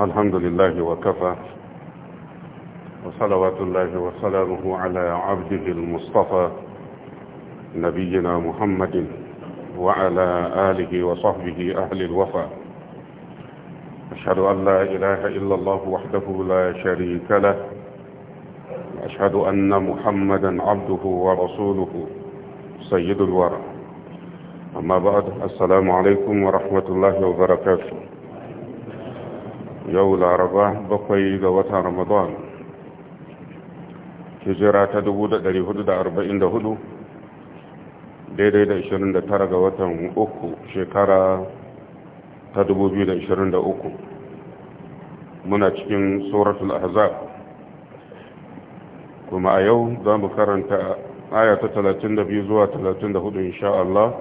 الحمد لله وكفى وصلوات الله وسلامه على عبده المصطفى نبينا محمد وعلى آله وصحبه أهل الوفا أشهد أن لا إله إلا الله وحده لا شريك له أشهد أن محمدا عبده ورسوله سيد الورى أما بعد السلام عليكم ورحمة الله وبركاته yau laraba bakwai ga watan ramadan hijira ta 1444 daidai da 29 ga watan uku shekara ta 2023 muna cikin suratul ahzab kuma a yau za mu karanta aya ta 32 zuwa 34 insha Allah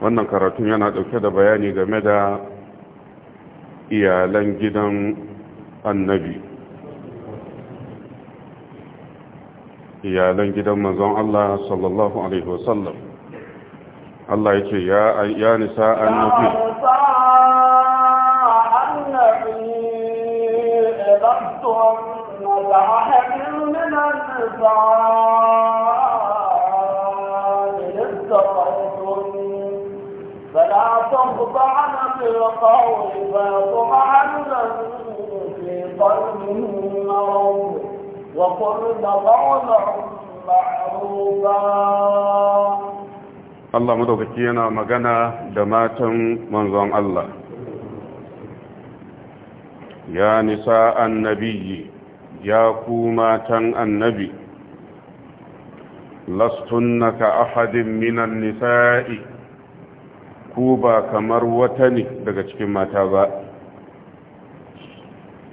wannan karatun yana dauke da bayani game da iyalan gidan annabi iyalan gidan manzon Allah sallallahu alaihi wasallam Allah yake ya ya nisa annabi فلا تخضعن بالقول فيطمعن في قلبه مرض وقلن قولا معروفا Allah madaukaki yana magana da matan manzon Allah ya nisa annabi ya ku matan annabi lastunna ka ahadin minan nisa'i ku ba kamar wata ne daga cikin mata ba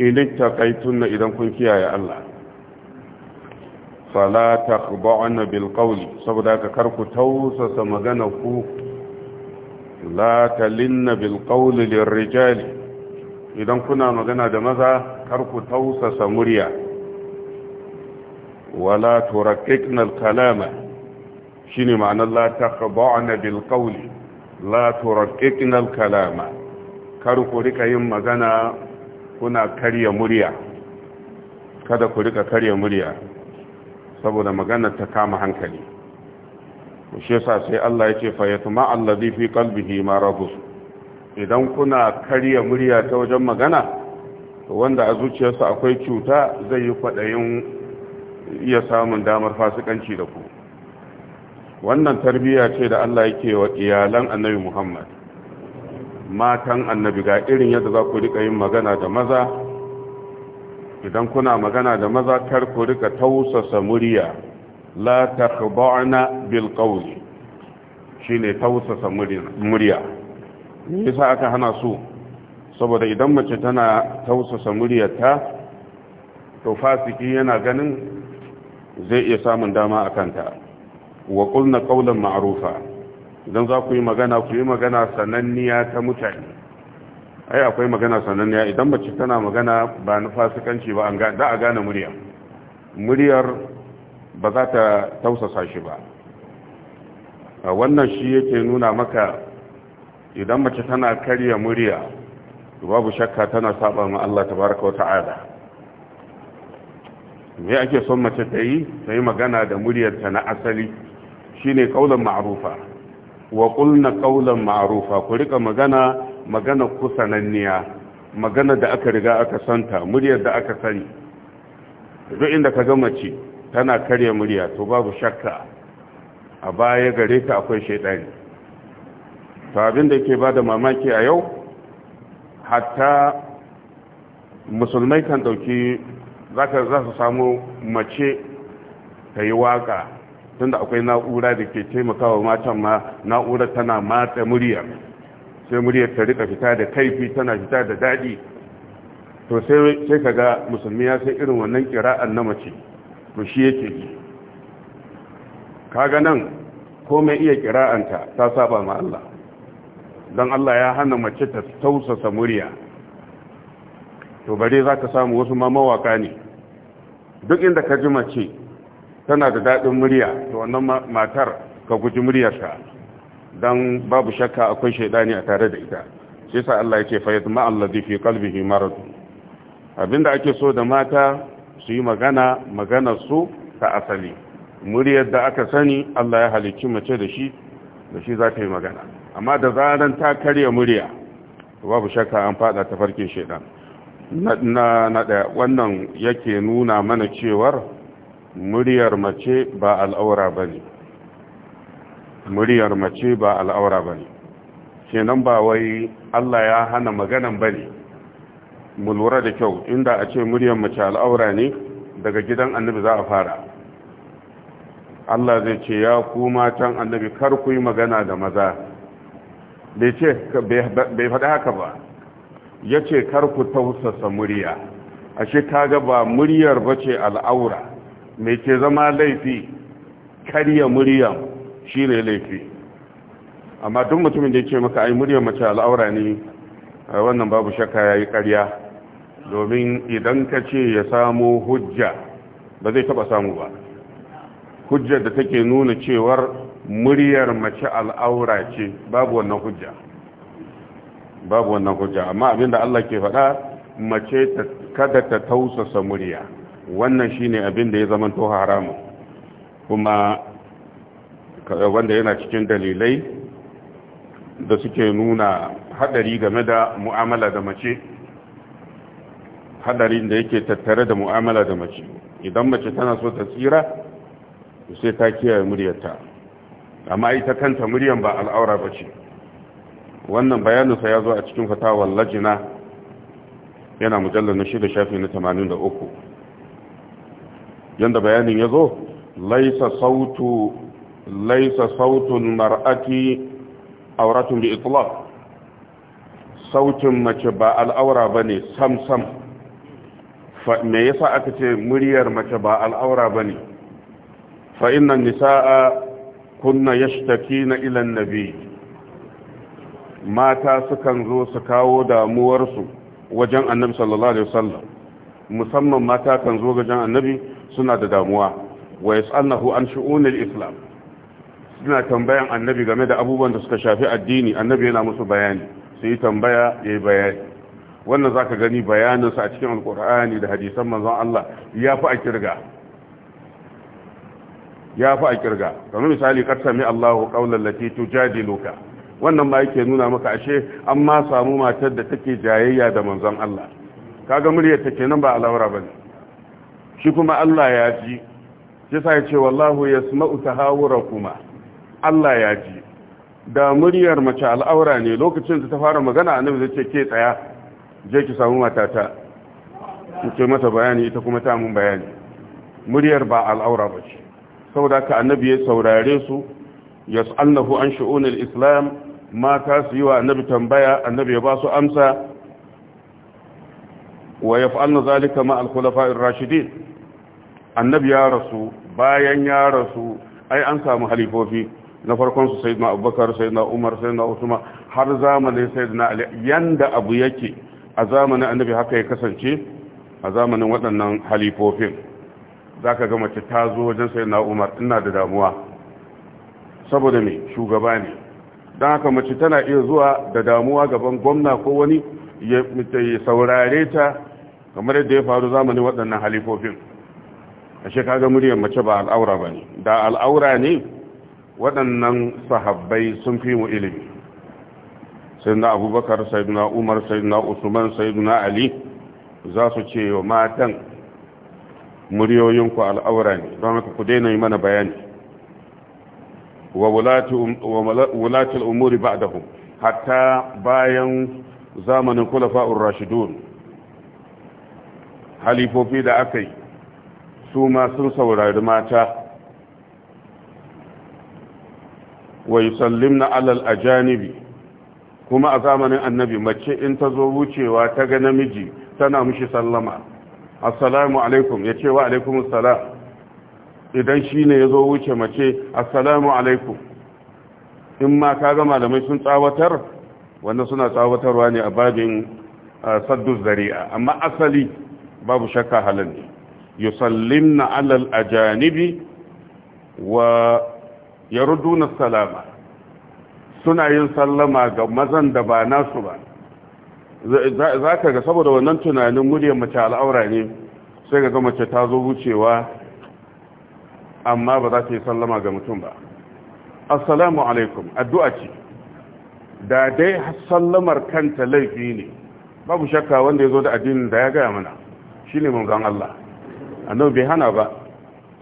ilin takaitunna idan kun kiyaye Allah fala taqba'na bil qawli saboda ka karku tausasa magana ku la talinna bil qawli lirrijali idan kuna magana da maza karku tausasa murya wala turakkikna al shine ma'anar la taqba'na bil qawli la turaqqinal kalama kar ku rika yin magana kuna karya murya kada ku rika karya murya saboda magana ta kama hankali shi yasa sai Allah ya ce fa yatma allazi fi qalbihi maradus idan kuna karya murya ta wajen magana wanda a zuciyarsa akwai cuta zai yi kwadayin iya samun damar fasikanci da ku wannan tarbiyya ce da Allah yake wa iyalan annabi Muhammad matan annabi ga irin yadda za ku rika yin magana da maza idan kuna magana da maza kar ku rika tausasa murya la takhba'na bil qawli shine tausasa murya me yasa aka hana su saboda idan mace tana tausasa muryarta to fasiki yana ganin zai iya samun dama a kanta wa qulna ƙaunar maarufa, idan za ku yi magana ku yi magana sananniya ta mutane ai akwai magana sananniya idan mace tana magana ba na fasikanci ba an da a gane muryar muryar ba za ta tausasa shi ba wannan shi yake nuna maka idan mace tana karya murya babu shakka tana saba ma Allah tabaraka wata'ala me ake son mace ta yi ta yi magana da muryarta na asali shine kaulan ma'rufa wa qulna kaulan ma'rufa ku rika magana magana kusananniya magana da aka riga aka santa muryar da aka sani duk inda ka gama mace tana karya murya to babu shakka a baya gare ta akwai shaidani to abin da yake bada mamaki a yau hatta musulmai kan dauki za su samu mace ta yi waka tunda akwai na'ura da ke taimakawa matan ma na'urar tana matsa muryar sai muryar ta rika fita da kaifi tana fita da daɗi to sai ka ga musulmi ya sai irin wannan kira'an na mace to shi yake yi. kaga nan ko mai iya kira'anta ta saba ma Allah don Allah ya hana mace ta tausasa murya to bare za ka samu wasu ma mawaƙa ne duk inda ka ji mace tana da daɗin murya to wannan matar ka guji muryarsa don babu shakka akwai shaidani a tare da ita shi sa Allah yake fayyad ma kalbi fi qalbihi marad abinda ake so da mata su yi magana maganar su ta asali muryar da aka sani Allah ya halicci mace da shi da shi za ta yi magana amma da zaran ta karya murya babu shakka an fada ta farkin shaidan na na wannan yake nuna mana cewar muryar mace ba al'aura ba ne muryar mace ba al'aura ba ne kenan ba wai Allah ya hana maganan ba ne mu lura da kyau inda a ce muryar mace al'aura ne daga gidan annabi za a fara Allah zai ce ya ku matan annabi kar ku yi magana da maza bai ce bai faɗi haka ba ya ce kar ku tausasa murya ashe kaga ba muryar ba ce al'aura me ke zama laifi karya murya shi ne laifi amma duk mutumin da ya ce maka ai muryar mace al'aura ne wannan babu shakka ya yi karya domin idan ka ce ya samu hujja ba zai taba samu ba hujjar da take nuna cewar muryar mace al'aura ce babu wannan hujja babu wannan hujja amma abinda Allah ke faɗa mace kada ta tausasa murya wannan shi ne abin da ya zama to haramu kuma wanda yana cikin dalilai da suke nuna hadari game da mu'amala da mace hadarin da yake tattare da mu'amala da mace idan mace tana so ta tsira sai ta kiyaye muryarta amma ita kanta muryar ba al'aura ba ce wannan bayanin sa ya zo a cikin fatawar lajina yana mujallar na shida shafi na 83 yanda bayanin ya zo laisa sautu laisa sautun mar'ati auratun bi itlaq sautin mace ba al'aura bane sam sam fa me yasa aka ce muryar mace ba al'aura bane fa innan nisaa kunna yashtakina ila an-nabi mata sukan zo su kawo damuwarsu wajen annabi sallallahu alaihi wasallam musamman mata kan zo ga jan annabi suna da damuwa wa yas'alnahu an shu'unil islam suna tambayan annabi game da abubuwan da suka shafi addini annabi yana musu bayani su yi tambaya yi bayani wannan ka gani bayaninsa a cikin alkur'ani da hadisan manzon Allah yafi a kirga yafi a kirga kamar misali qad sami Allahu qawlan lati tujadiluka wannan ma yake nuna maka ashe an ma samu matar da take jayayya da manzon Allah kaga muryar take nan ba alawara bane shi kuma Allah ya ji shi sai ce wallahu yasma'u tahawurakuma Allah ya ji da muryar mace al'aura ne lokacin da ta fara magana annabi zai ce ke tsaya je ki samu matata ce mata bayani ita kuma ta mun bayani muryar ba al'aura ba ce saboda ka annabi ya saurare su yas'alnahu an shu'unil islam mata su yi wa annabi tambaya annabi ya ba su amsa wa yaf'alna zalika ma al-khulafa'ir rashidin annabi ya rasu bayan ya rasu ai an samu halifofi na farkon su sayyidina abubakar sayyidina umar sayyidina usman har zamanin sayyidina ali yanda abu yake a zamanin annabi haka ya kasance a zamanin waɗannan halifofin zaka ga mace ta zo wajen sayyidina umar ina da damuwa saboda me shugaba ne don haka mace tana iya zuwa da damuwa gaban gwamna ko wani ya saurare ta kamar yadda ya faru zamani waɗannan halifofin a shekaga muryar mace ba al'aura ba ne da al'aura ne waɗannan sahabbai sun fi mu ilimi sai na abubakar sai na umar sai na usman sai na ali za su ce wa matan muryoyinku al'aura ne don haka ku daina yi mana bayani wa wulatul umuri da hatta bayan zamanin kulafa'ur rashidun halifofi da aka yi su ma sun saurari mata wa na alal ajanibi kuma a zamanin annabi mace in ta zo wucewa ta ga namiji tana mushi sallama assalamu alaikum ya ce wa alaikum salam idan shi ne ya zo wuce mace assalamu alaikum in ma ka gama da mai sun tsawatar wanda suna tsawatarwa ne a babin saddu zari'a amma asali babu shakka halin ne na alal janibi wa yaruduna salama suna yin sallama ga mazan da ba nasu ba za ka ga saboda wannan tunanin muryar mace al'aura ne sai ga mace ta zo wucewa amma ba za ta yi sallama ga mutum ba assalamu alaikum addu'a ce da dai sallamar kanta laifi ne babu shakka wanda ya zo da addinin da ya gaya mana shi ne manzan Allah annabi bai hana ba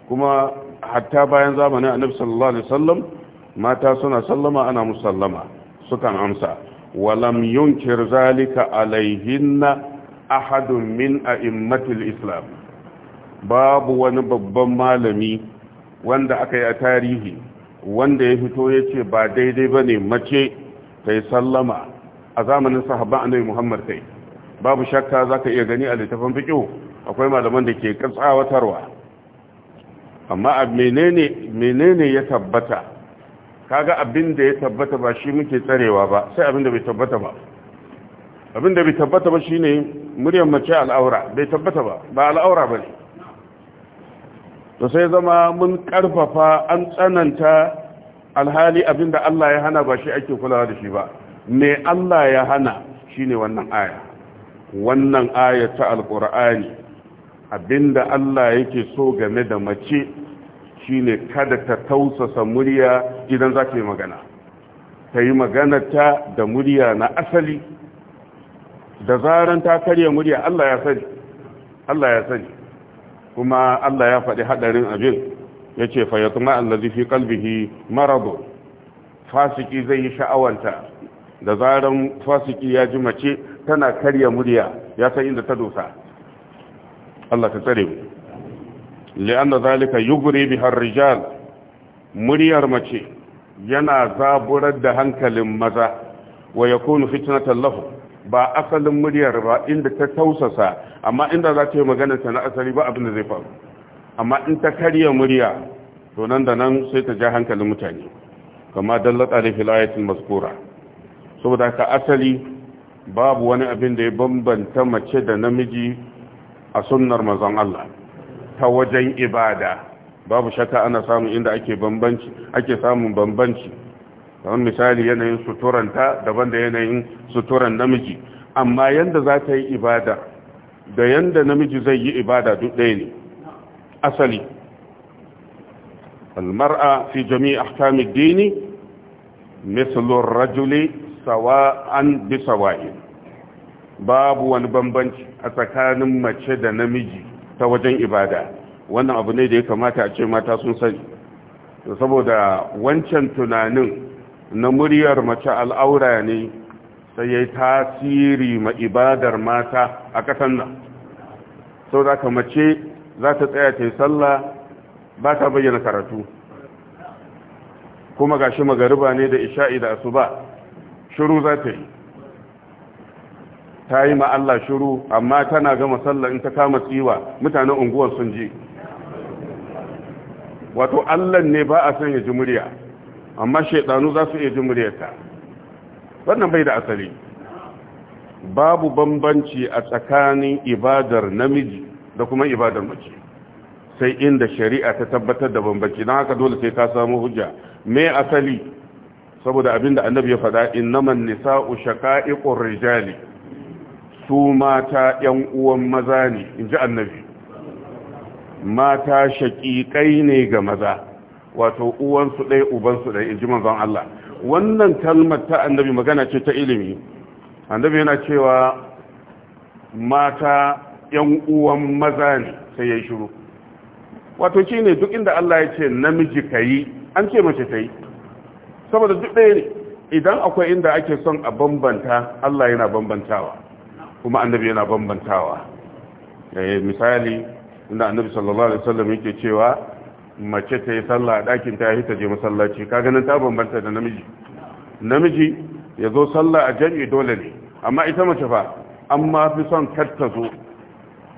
kuma hatta bayan zamanin annabi sallallahu alaihi wasallam mata suna sallama ana musallama sukan amsa walam yunkir zalika alaihinna ahadun min a'immatil islam babu wani babban malami wanda aka yi a tarihi wanda ya fito ya ce ba daidai ba ne mace yi sallama a zamanin sahabban annabi Muhammad kai babu shakka zaka iya gani a littafin fiqh akwai malaman da ke katsawatarwa amma menene menene ya tabbata kaga abin da ya tabbata ba shi muke tsarewa ba sai abin da bai tabbata ba abin da bai tabbata ba shine muryan mace al'aura bai tabbata ba ba al'aura bane to sai zama mun karfafa an tsananta alhali abin da Allah ya hana ba shi ake kulawa da shi ba me Allah ya hana shine wannan aya wannan aya ta alqur'ani da Allah yake so game da mace shine kada ta tausasa murya idan za ta yi magana ta yi magana ta da murya na asali da zaran ta karya murya Allah ya sani Allah ya sani kuma Allah ya faɗi haɗarin abin ya ce fa ya tuma allazi fi kalbihi maradu fasiki zai yi sha'awanta da zaren fasiki ya ji mace tana karya murya ya san inda ta dosa Allah ka tsare mu li'anna zalika yughri biha ar-rijal muryar mace yana zaburar da hankalin maza wa yakunu fitnatan lahu ba asalin muryar ba inda ta tausasa amma inda za ta yi magana ta na asali ba abin da zai faru amma in ta karya murya to nan da nan sai ta ja hankalin mutane kama dallata da ayatul maskura saboda ka asali babu wani abin da ya bambanta mace da namiji a sunnar mazan Allah ta wajen ibada babu shaka ana samun inda ake bambanci ake samun bambanci kamar misali yanayin suturanta daban da yanayin suturan namiji amma yanda za ta yi ibada da yanda namiji zai yi ibada duk ɗaya ne asali almar'a fi jami'i ahkamid dini mislu rajuli sawa'an bi sawa'in babu wani bambanci a tsakanin mace da namiji ta wajen ibada wannan abu ne da ya kamata a ce mata sun sani saboda wancan tunanin na muryar mace al'aura ne sai ya yi tasiri ma ibadar mata a ƙasar nan sau da mace za ta tsaya ta yi sallah ba ta bayyana karatu kuma ga shi magariba ne da isha'i da asuba shiru za ta yi ta yi Allah shiru amma tana gama sallah in ta kama tsiwa mutanen unguwar sun ji wato Allah ne ba a son ya ji murya amma shaidanu za su iya ji muryarta wannan bai da asali babu bambanci a tsakanin ibadar namiji da kuma ibadar mace sai inda shari'a ta tabbatar da bambanci don haka dole sai ka samu hujja me asali saboda abinda annabi ya faɗa innaman nisa'u shaqa'iqur rijali su mata yan uwan maza ne inji annabi mata shaƙiƙai ne ga maza wato uwansu ɗaya ubansu ɗaya inji manzon Allah wannan kalmar ta annabi magana ce ta ilimi annabi yana cewa mata yan uwan maza ne sai ya shiru wato shi ne duk inda Allah ya ce namiji ka yi an ce mace ta yi saboda duk ɗaya ne idan akwai inda ake son a bambanta Allah yana bambantawa kuma annabi yana bambantawa eh, misali inda annabi sallallahu alaihi wasallam yake cewa mace ta yi sallah a ɗakin ta yi ta je masallaci ka ganin ta bambanta da namiji namiji ya zo sallah a jami'i dole ne amma ita mace fa amma fi son kar ta zo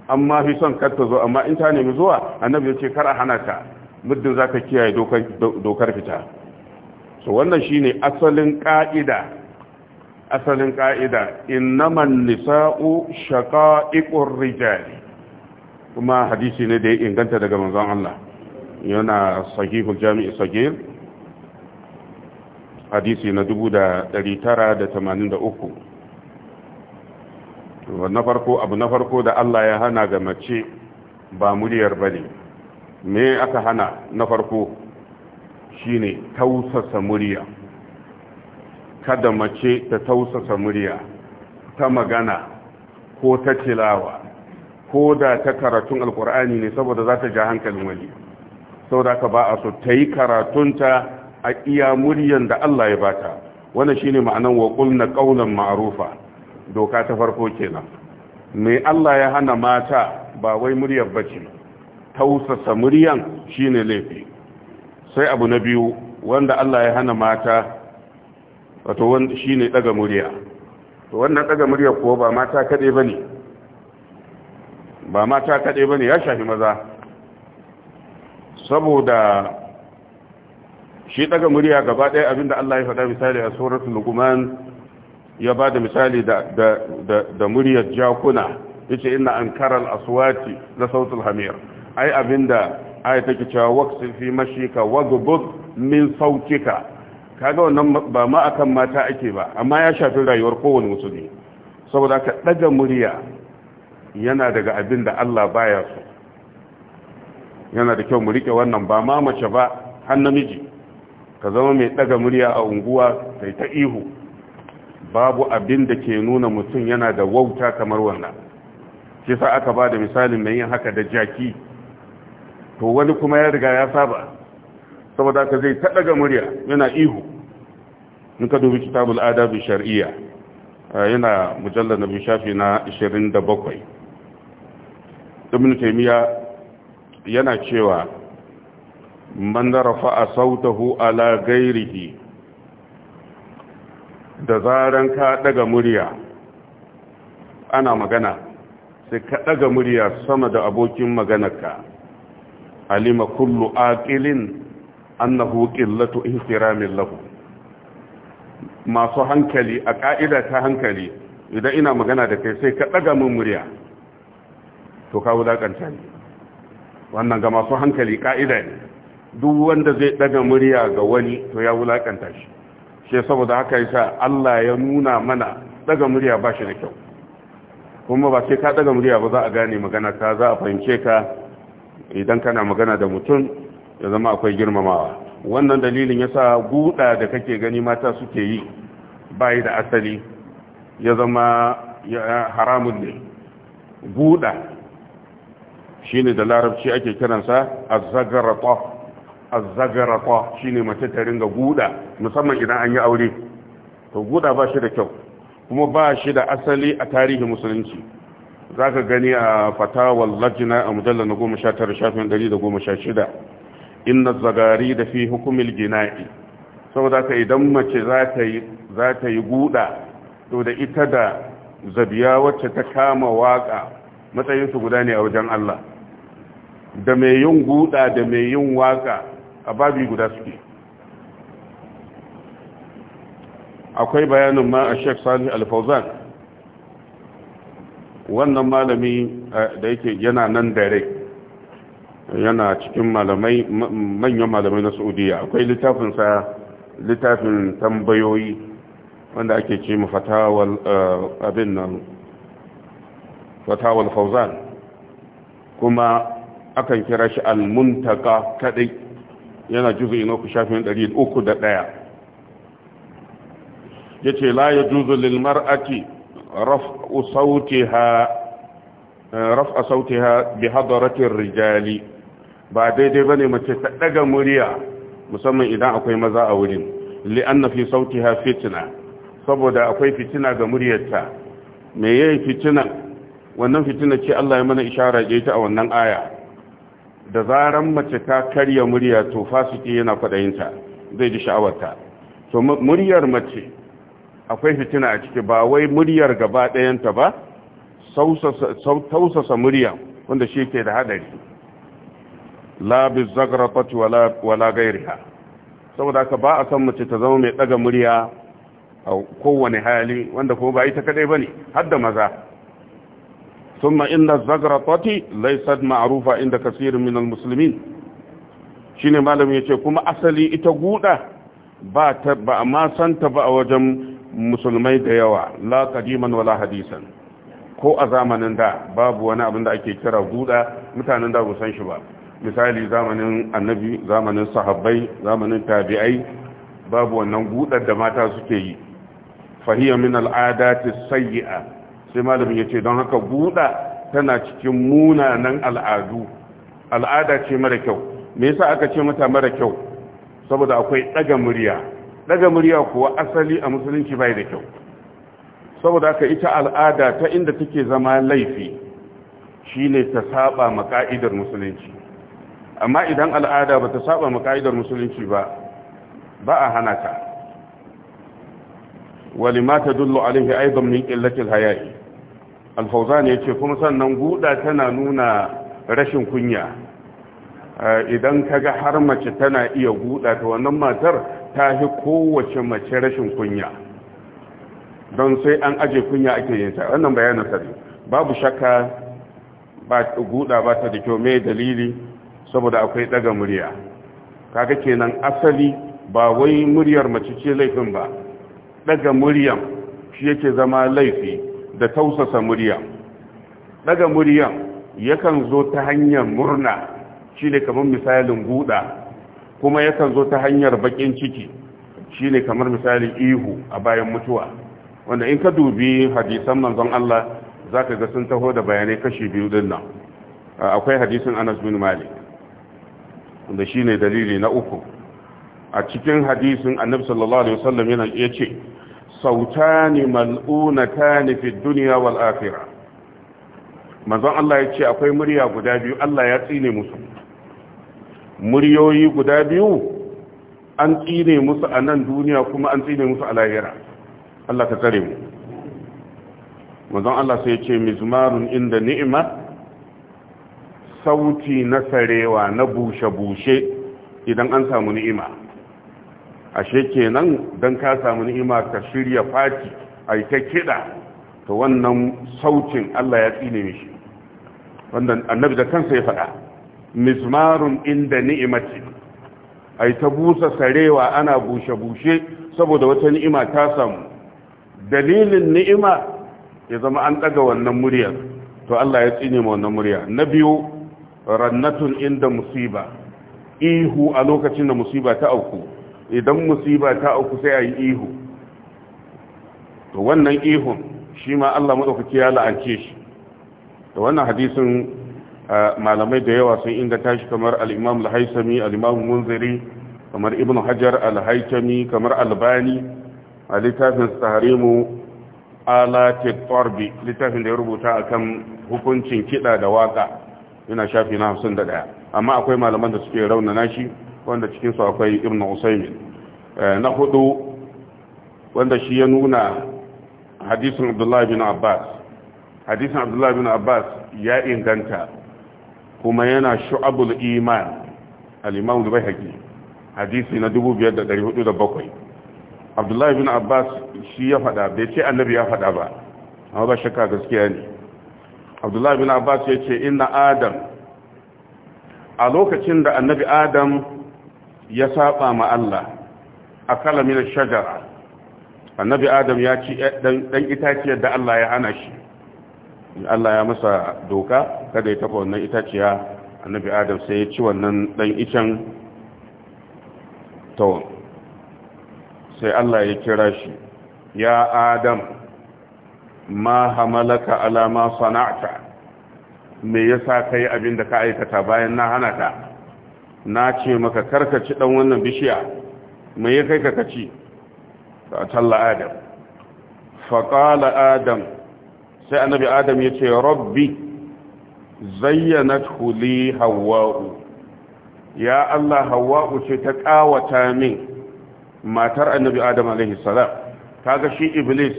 amma fi son karta ta zo amma in ta nemi zuwa annabi ya ce kar a hana ka muddin za ka kiyaye dokar fita so wannan shine asalin ƙa'ida asalin ƙa'ida innaman nisa'u shaqa'iqur rijali kuma hadisi ne da ya inganta daga manzon Allah yana sahihul jami'i sahih hadisi na 1983 na farko abu na farko da Allah ya hana ga mace ba muryar bane me aka hana na farko shine tausasa murya kada mace ta tausasa murya ta magana ko ta tilawa ko da ta karatun alkur'ani ne saboda za ta ja hankalin wani saboda ka ba a so ta yi karatunta a iya muryan da Allah ya bata wannan shine ma'anan wa qulna qawlan ma'rufa doka ta farko kenan me Allah ya hana mata ba wai muryar bace tausasa muryan shine laifi sai abu na biyu wanda Allah ya hana mata wato wanda shine daga murya to wannan daga murya kuwa ba mata kade bane ba mata kade bane ya shafi maza saboda shi daga murya gaba ɗaya abinda Allah ya faɗa misali a suratul luqman ya ba da misali da muryar jakuna ya ce ina an karar aswati na sautul hamir ai abinda ai take cewa waksin fi mashika wagbud min sautika kaga wannan ba ma akan mata ake ba amma ya shafi rayuwar kowane musulmi saboda ka ɗaga murya yana daga abin da Allah baya su. yana da kyau mu rike wannan ba ma mace ba har namiji ka zama mai ɗaga murya a unguwa kai ta ihu babu abin da ke nuna mutum yana da wauta kamar wannan shi sa aka ba da misalin mai yin haka da jaki to wani kuma ya riga ya saba saboda ka zai ga murya yana ihu in ka dubi kitabul adabi shar'iyya eh, yana mujallar na shafi na 27 ibn taymiya yana cewa man rafa'a sautahu ala ghairihi da zaran ka daga murya ana magana sai ka daga murya sama da abokin maganarka alima kullu aqilin annahu qillatu ihtiramin lahu masu hankali a ka'ida ta hankali idan ina magana da kai sai ka daga mun murya to ka wulakanta ne wannan ga masu hankali ka'ida ne duk wanda zai daga murya ga wani to ya wulakanta shi shi saboda haka yasa Allah ya nuna mana daga murya ba shi da kyau kuma ba sai ka daga murya ba za a gane magana ka za a fahimce ka idan kana magana da mutum ya zama akwai girmamawa wannan dalilin yasa guda da kake gani mata suke yi bai da asali ya zama haramun ne guda shine da larabci ake kiransa az-zagarata azzagaraqa shine mace ta ringa guda musamman idan an yi aure to guda ba shi da kyau kuma ba shi da asali a tarihi musulunci zaka gani a fatawar lajina a mujallar na goma sha tara shafin inna zagari da fi hukumil jina'i saboda ka idan mace za ta yi guda to da ita da zabiya wacce ta kama waka matsayinsu guda ne a wajen Allah da mai yin guda da mai yin waka a babi guda suke akwai bayanin ma a sheik sani alfauzan wannan malami eh, da yake yana nan dare yana cikin malamai manyan malamai na saudiya akwai littafinsa littafin tambayoyi wanda ake ce mu fatawal eh, abin nan fatawal fauzan kuma akan kira shi al-muntaka kadai yana juzu ina ku shafin ɗari uku da ɗaya ya ce la ya juzu lilmar ake raf'a sautiha bi hadaratin rijali ba daidai ba ne mace ta ɗaga murya musamman idan akwai maza a wurin li'anna fi sautiha fitina saboda akwai fitina ga muryarta me yayi fitina wannan fitina ce Allah ya mana ishara da ita a wannan aya da zaran mace ta karya murya to fasiki yana kwadayinta zai ji sha'awarta to muryar mace akwai fitina a ciki ba wai muryar gaba ɗayanta ba tausasa murya wanda shi ke da hadari labis zagrafatu wala gairiha saboda haka ba a san mace ta zama mai ɗaga murya a kowane hali wanda kuma ba ita kaɗai ba ne har da maza ثم إن الزغرطة ليست معروفة عند كثير من المسلمين shine malam ce kuma asali ita guda ba ta ma santa ba a wajen musulmai da yawa la qadiman wala hadisan ko a zamanin da babu wani abin da ake kira guda mutanen da ba san shi ba misali zamanin annabi zamanin sahabbai zamanin tabi'ai babu wannan gudar da mata suke yi fahiya min al'adati sayyi'a sai malamin ya ce don haka buɗa tana cikin munanan al'adu al'ada ce mara kyau me yasa aka ce mata mara kyau saboda akwai ɗaga murya ɗaga murya kuwa asali a musulunci bai da kyau saboda aka ita al'ada ta inda take zama laifi shine ta saba ma musulunci amma idan al'ada ba ta saba ma musulunci ba ba a hana ta walima ta dullo alaihi aidan min qillatil haya'i alfauzani ya ce kuma sannan guda tana nuna rashin kunya idan ka ga har mace tana iya guda ta wannan matar ta fi kowace mace rashin kunya don sai an aje kunya ake yin ta wannan bayanin sari babu shakka ba guda ba ta da kyau mai dalili saboda akwai daga murya kaga kenan asali ba wai muryar mace ce laifin ba daga muryar shi yake zama laifi da tausasa murya daga murya yakan zo ta hanyar murna shine kamar misalin guda kuma yakan zo ta hanyar bakin ciki shine kamar misalin ihu a bayan mutuwa wanda in ka dubi hadisan manzon Allah zaka ga sun taho da bayanai kashi biyu din nan akwai hadisin Anas bin Malik wanda shine dalili na uku a cikin hadisin Annabi sallallahu alaihi wasallam yana yace sautani mal'unatani fi dunya wal akhirah manzon Allah ya ce akwai murya guda biyu Allah ya tsine musu muryoyi guda biyu an tsine musu a nan duniya kuma an tsine musu a lahira Allah ka tsare mu manzon Allah sai ya ce mizmarun inda ni'ima sauti na sarewa na bushe-bushe idan an samu ni'ima ashe kenan don ka samu ni'ima ka shirya fati a ta kiɗa ta wannan sautin Allah ya tsine mishi wannan annabi da kansa ya faɗa mizmarun inda a yi ta busa sarewa ana bushe-bushe saboda wata ni'ima ta samu dalilin ni'ima ya zama an ɗaga wannan muryar to Allah ya tsine ma wannan murya na biyu rannatun inda musiba ihu a lokacin da musiba ta auku idan musiba ta uku sai a yi ihu to wannan ihun shi ma Allah maɗaukaki ya la'ance shi da wannan hadisin malamai da yawa sun inda tashi kamar al-imam al-haisami munziri kamar ibn hajar al kamar albani a littafin saharimu alatit tarbi littafin da ya rubuta akan hukuncin kiɗa da waka yana shafi na 51 amma akwai malaman da suke raunana shi wanda cikinsu akwai ibn usaimin eh, na hudu wanda shi ya nuna hadisin abdullahi bin abbas hadisin abdullahi bin abbas ya inganta kuma yana shu'abul iman al-imam dubai haƙi hadisi na 2,407 abdullahi bin abbas shi ya faɗa bai ce annabi ya faɗa ba amma ba shakka gaskiya ne abdullahi bin abbas ya ce inna adam a lokacin da annabi adam ya saba ma Allah akala min shajara annabi adam ya ci eh, dan itaciyar da Allah ya hana shi Allah ya masa doka kada ya taba wannan itaciya annabi adam sai ya ci wannan dan icen to sai Allah ya kira shi ya adam ma hamalaka ala ma sana'ta me yasa kai abinda ka aikata bayan na hana ta? na ce maka karkaci dan wannan bishiya mai ya kai kakaci ta talla adam faƙala adam sai annabi adam ya ce rabbi zayyanat huli hawa'u ya Allah hawa'u ce ta ƙawata min matar annabi adam alaihi salam kaga shi iblis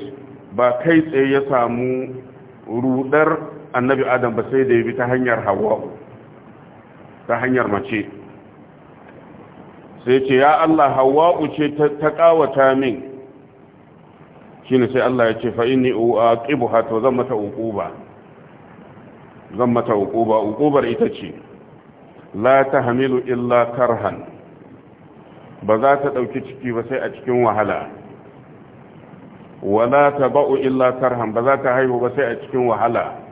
ba kai tsaye ya samu rudar annabi adam ba sai da ya bi ta hanyar hawa'u ta hanyar mace sai ce ya Allah hawa'u ce ta kawata min shine sai Allah ya ce fa inni uaqibuha to zan mata uquba zan mata uquba uqubar ita ce la hamilu illa karhan ba za ta ɗauki ciki ba sai a cikin wahala wala taba'u illa karhan ba za ta haihu ba sai a cikin wahala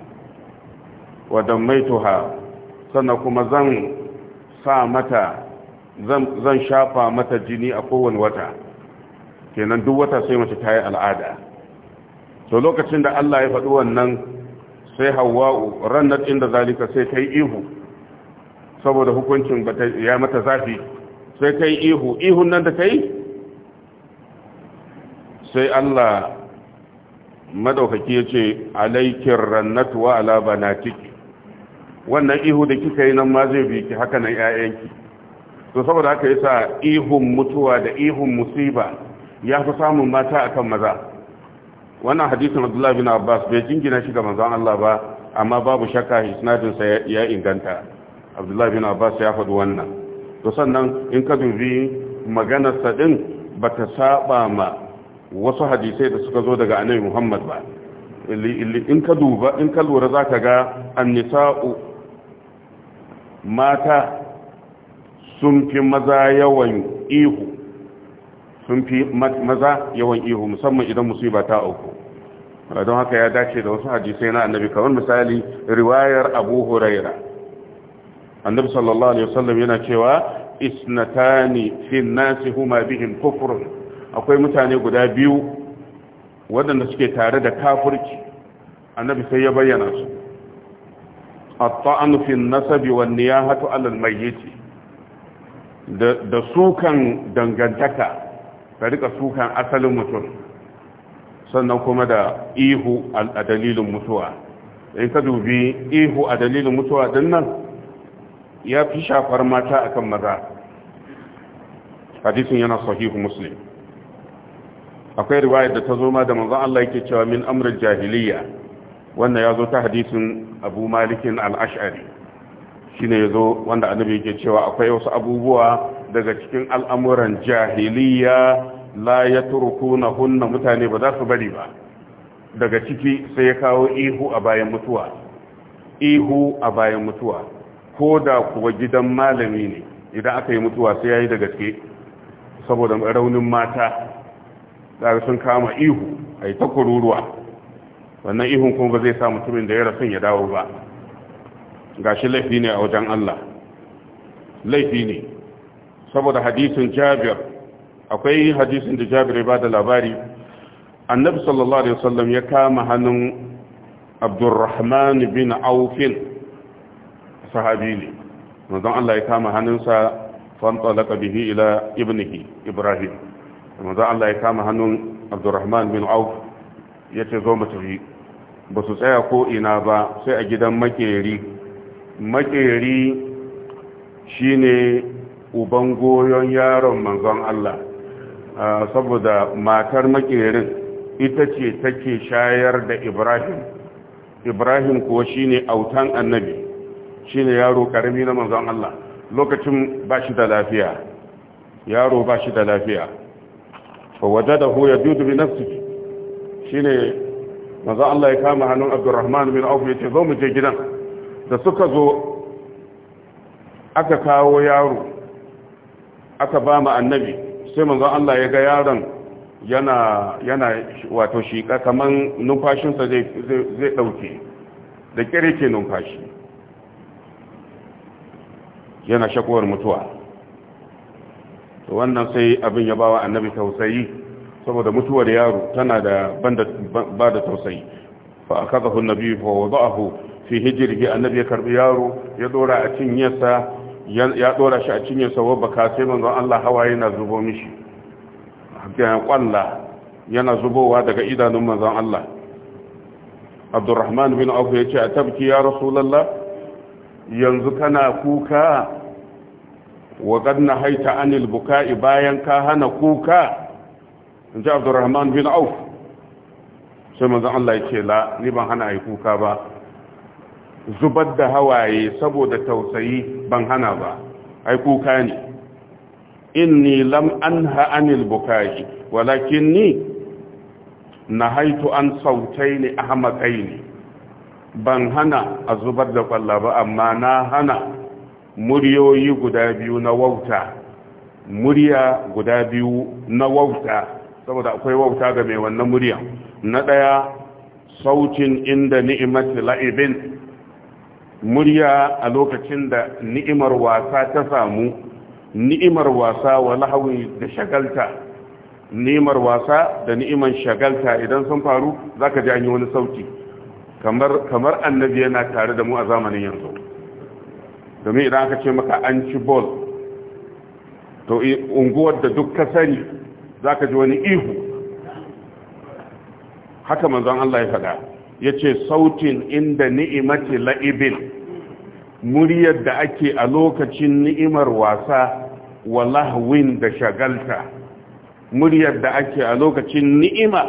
Wadan dammaituha sannan kuma zan sa mata zan shafa mata jini a kowane wata kenan duk wata sai mace ta yi al'ada to lokacin da Allah ya faɗi wannan sai hawa'u ranar inda zalika sai ta yi ihu saboda hukuncin ya mata zafi sai ta yi ihu ihun nan da ta yi sai Allah madaukaki ya ce alaikin rannatu wa ala banatiki wannan ihu da kika yi nan ma zai biki hakanan haka nan 'ya'yanki to saboda haka yasa ihun mutuwa da ihun musiba ya fi samun mata akan maza wannan hadisin Abdullah bin Abbas bai jingina shi ga manzon Allah ba amma babu shakka isnadin sa ya inganta Abdullah bin Abbas ya faɗi wannan to sannan in ka dubi maganar sa din bata saba ma wasu hadisai da suka zo daga Annabi Muhammad ba in ka duba in ka lura zaka ga annisa'u mata sun fi maza yawan ihu sun fi maza yawan ihu musamman idan musiba ta auku don haka ya dace da wasu hadisai na annabi kamar misali riwayar abu huraira annabi sallallahu alaihi wasallam yana cewa isnatani fin nasi huma bihim kufrun akwai mutane guda biyu waɗanda suke tare da kafirci annabi sai ya bayyana su at-ta'anu fin nasabi wan niyahatu 'ala al-mayyit da sukan dangantaka ka rika sukan asalin mutum sannan kuma da ihu a dalilin mutuwa in ka dubi ihu a dalilin mutuwa din nan ya fi shafar mata akan maza hadisun yana sahihu muslim akwai riwayar da ta zo ma da manzon Allah yake cewa min amurin jahiliya wannan ya zo ta hadisin Abu Malikin al shine yazo wanda annabi yake cewa akwai wasu abubuwa daga cikin al'amuran jahiliya la ya hunna mutane ba za su bari ba daga ciki sai ya kawo ihu a bayan mutuwa ihu a bayan mutuwa ko da kuwa gidan malami ne idan aka yi mutuwa sai yayi da gaske saboda raunin mata da sun kama ihu a yi ta wannan ihun kuma ba zai sa mutumin da ya rasu ya dawo ba gashi laifi ne a wajen Allah laifi ne saboda hadisin jabir akwai hadisin da jabir ba da labari annabi sallallahu alaihi wasallam ya kama hannun abdurrahman bin aufin sahabi ne manzon Allah ya kama hannunsa fantalaka bihi ila ibnihi ibrahim manzon Allah ya kama hannun abdurrahman bin auf yace zo mu tafi ba su tsaya ko ina ba sai a gidan makeri makeri shine uban goyon yaron manzon Allah ah, saboda matar makerin ita ce take shayar da Ibrahim Ibrahim kuwa shine autan annabi shine yaro karami na manzon Allah lokacin ba shi da lafiya yaro ba shi da lafiya fa wajadahu yadudu bi nafsihi shine manzon Allah ya kama hannun Abdurrahman bin Auf yace zo mu je gidan da suka zo aka kawo yaro aka ba mu annabi sai manzon Allah ya ga yaron yana yana wato shiƙa kaman numfashinsa zai zai dauke da ke numfashi yana shakuwar mutuwa to wannan sai abin ya bawa annabi tausayi saboda mutuwar yaro tana da banda ba da tausayi fa akadahu annabi fa wada'ahu fi hijirhi annabi ya karbi yaro ya dora a cinyarsa ya dora shi a cinyarsa wa baka sai manzon Allah hawaye na zubo mishi hakan kwalla yana zubowa daga idanun manzon Allah Abdurrahman bin Auf ya ce a tabki ya Rasulullah yanzu kana kuka wa qad nahaita anil buka'i bayan ka hana kuka inji Abdurrahman bin Auf sai manzon Allah ya ce la ni ban hana ai kuka ba zubar da hawaye saboda tausayi ban hana ba ai kuka ne inni lam anha anil ni walakinni nahaitu an sautaini ahmaqaini ban hana a zubar da kwalla ba amma na hana muryoyi guda biyu na wauta murya guda biyu na wauta saboda akwai wauta ga mai wannan muryan na ɗaya sautin inda ni'imati la'ibin murya a lokacin da ni'imar wasa ta samu ni'imar wasa wa lahawi da shagalta ni'imar wasa da ni'imar shagalta idan sun faru za ka ji wani sauti kamar annabi yana tare da mu a zamanin yanzu domin idan aka ce maka an ci bol to unguwar da duk ka sani za ka ji wani ihu haka manzon Allah ya faɗa yace sautin inda ni'imati la'ibin muryar da ake a lokacin ni'imar wasa wa lahwin da shagalta muryar da ake a lokacin ni'ima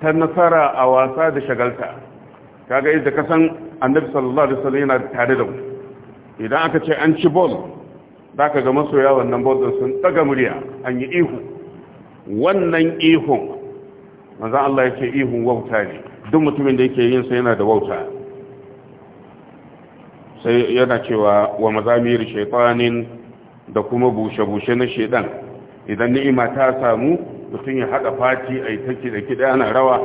ta nasara a wasa da shagalta kaga yadda ka san annabi sallallahu alaihi wasallam yana tare da mu idan aka ce an ci bol zaka ga masoya wannan bol din sun daga murya an yi ihu wannan ihun manzon Allah yake ihun wauta ne duk mutumin da yake yin sai yana da wauta sai yana cewa wa mazamir shaitanin da kuma bushe-bushe na shaidan idan ni'ima ta samu mutum ya haɗa fati a yi take da kiɗa ana rawa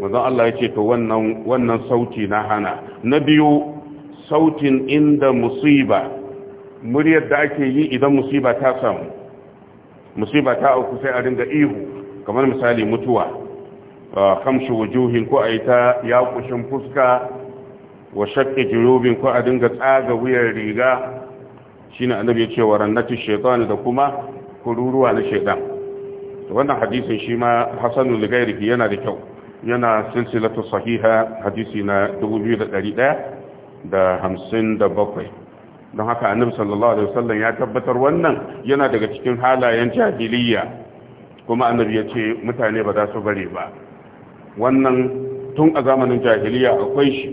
mazan Allah ya ce to wannan sauti na hana na biyu sautin inda musiba muryar da ake yi idan musiba ta samu musiba ta auku sai a ringa ihu kamar misali mutuwa kamshi wujuhin ko a yi ta yakushin fuska wa shakke jirobin ko a dinga tsaga wuyar riga shi ne annabi ya ce wa rannatu da kuma kururuwa na shaitan wannan hadisin shi ma hasanu ligairiki yana da kyau yana silsilatu sahiha hadisi na 2157 don haka annabi sallallahu alaihi wasallam ya tabbatar wannan yana daga cikin halayen jahiliya kuma annabi ya ce mutane ba za su bari ba wannan tun a zamanin jahiliya akwai shi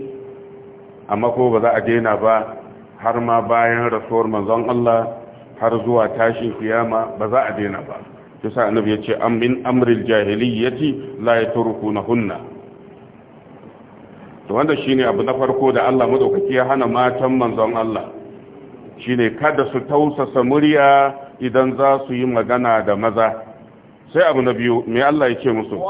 amma ko ba za a daina ba har ma bayan rasuwar manzon Allah har zuwa tashin kiyama ba za a daina ba kisa annabi ya ce an min amril jahiliyyati la yatrukunahunna to wanda shine abu na farko da Allah madaukaki ya hana matan manzon Allah shine kada su tausasa murya idan za su yi magana da maza sai abu na biyu mai Allah ya ce musu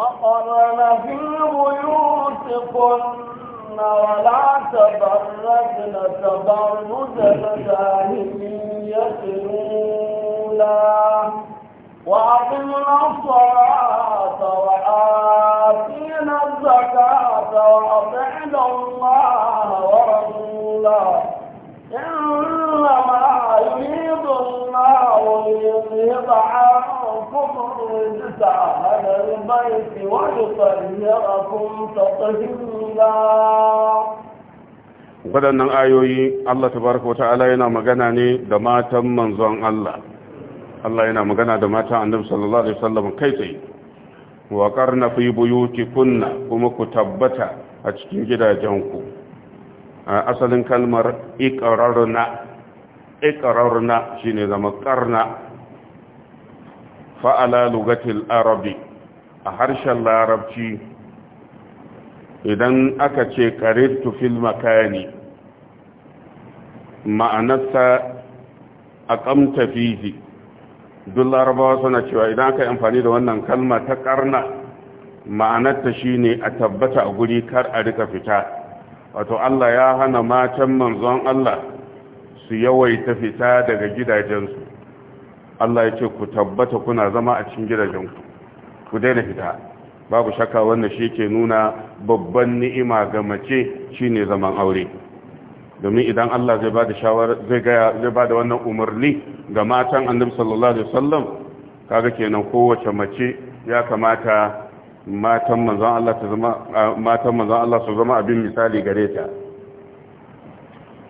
ولا وأقمنا الصلاة وآتينا الزكاة وأطعنا الله ورسوله حتى أهل البيت ويطهركم تطهيرا waɗannan ayoyi Allah ta wa ta'ala yana magana ne da matan manzon Allah Allah yana magana da matan annabi sallallahu alaihi wasallam kai tsaye wa qarna fi kunna kuma ku tabbata a cikin gidajenku asalin kalmar iqrarna iqrarna shine zama ƙarna. fa'ala lugatil arabi a harshen larabci idan aka ce karirtu fil makani ma'anarsa a ƙamta fizi duk larabawa suna cewa idan aka yi amfani da wannan kalma ta karna ma'anarta ne a tabbata a guri kar a rika fita wato Allah ya hana matan manzon Allah su yawaita fita daga gidajensu Allah ya ce ku tabbata kuna zama a cikin gidajenku ku daina fita babu shakka wannan shi ke nuna babban ni'ima ga mace shine zaman aure domin idan Allah zai bada shawara zai ga zai wannan umarni ga matan Annabi sallallahu alaihi wasallam kaga kenan kowace mace ya kamata matan manzon Allah ta zama matan manzon Allah su zama abin misali gare ta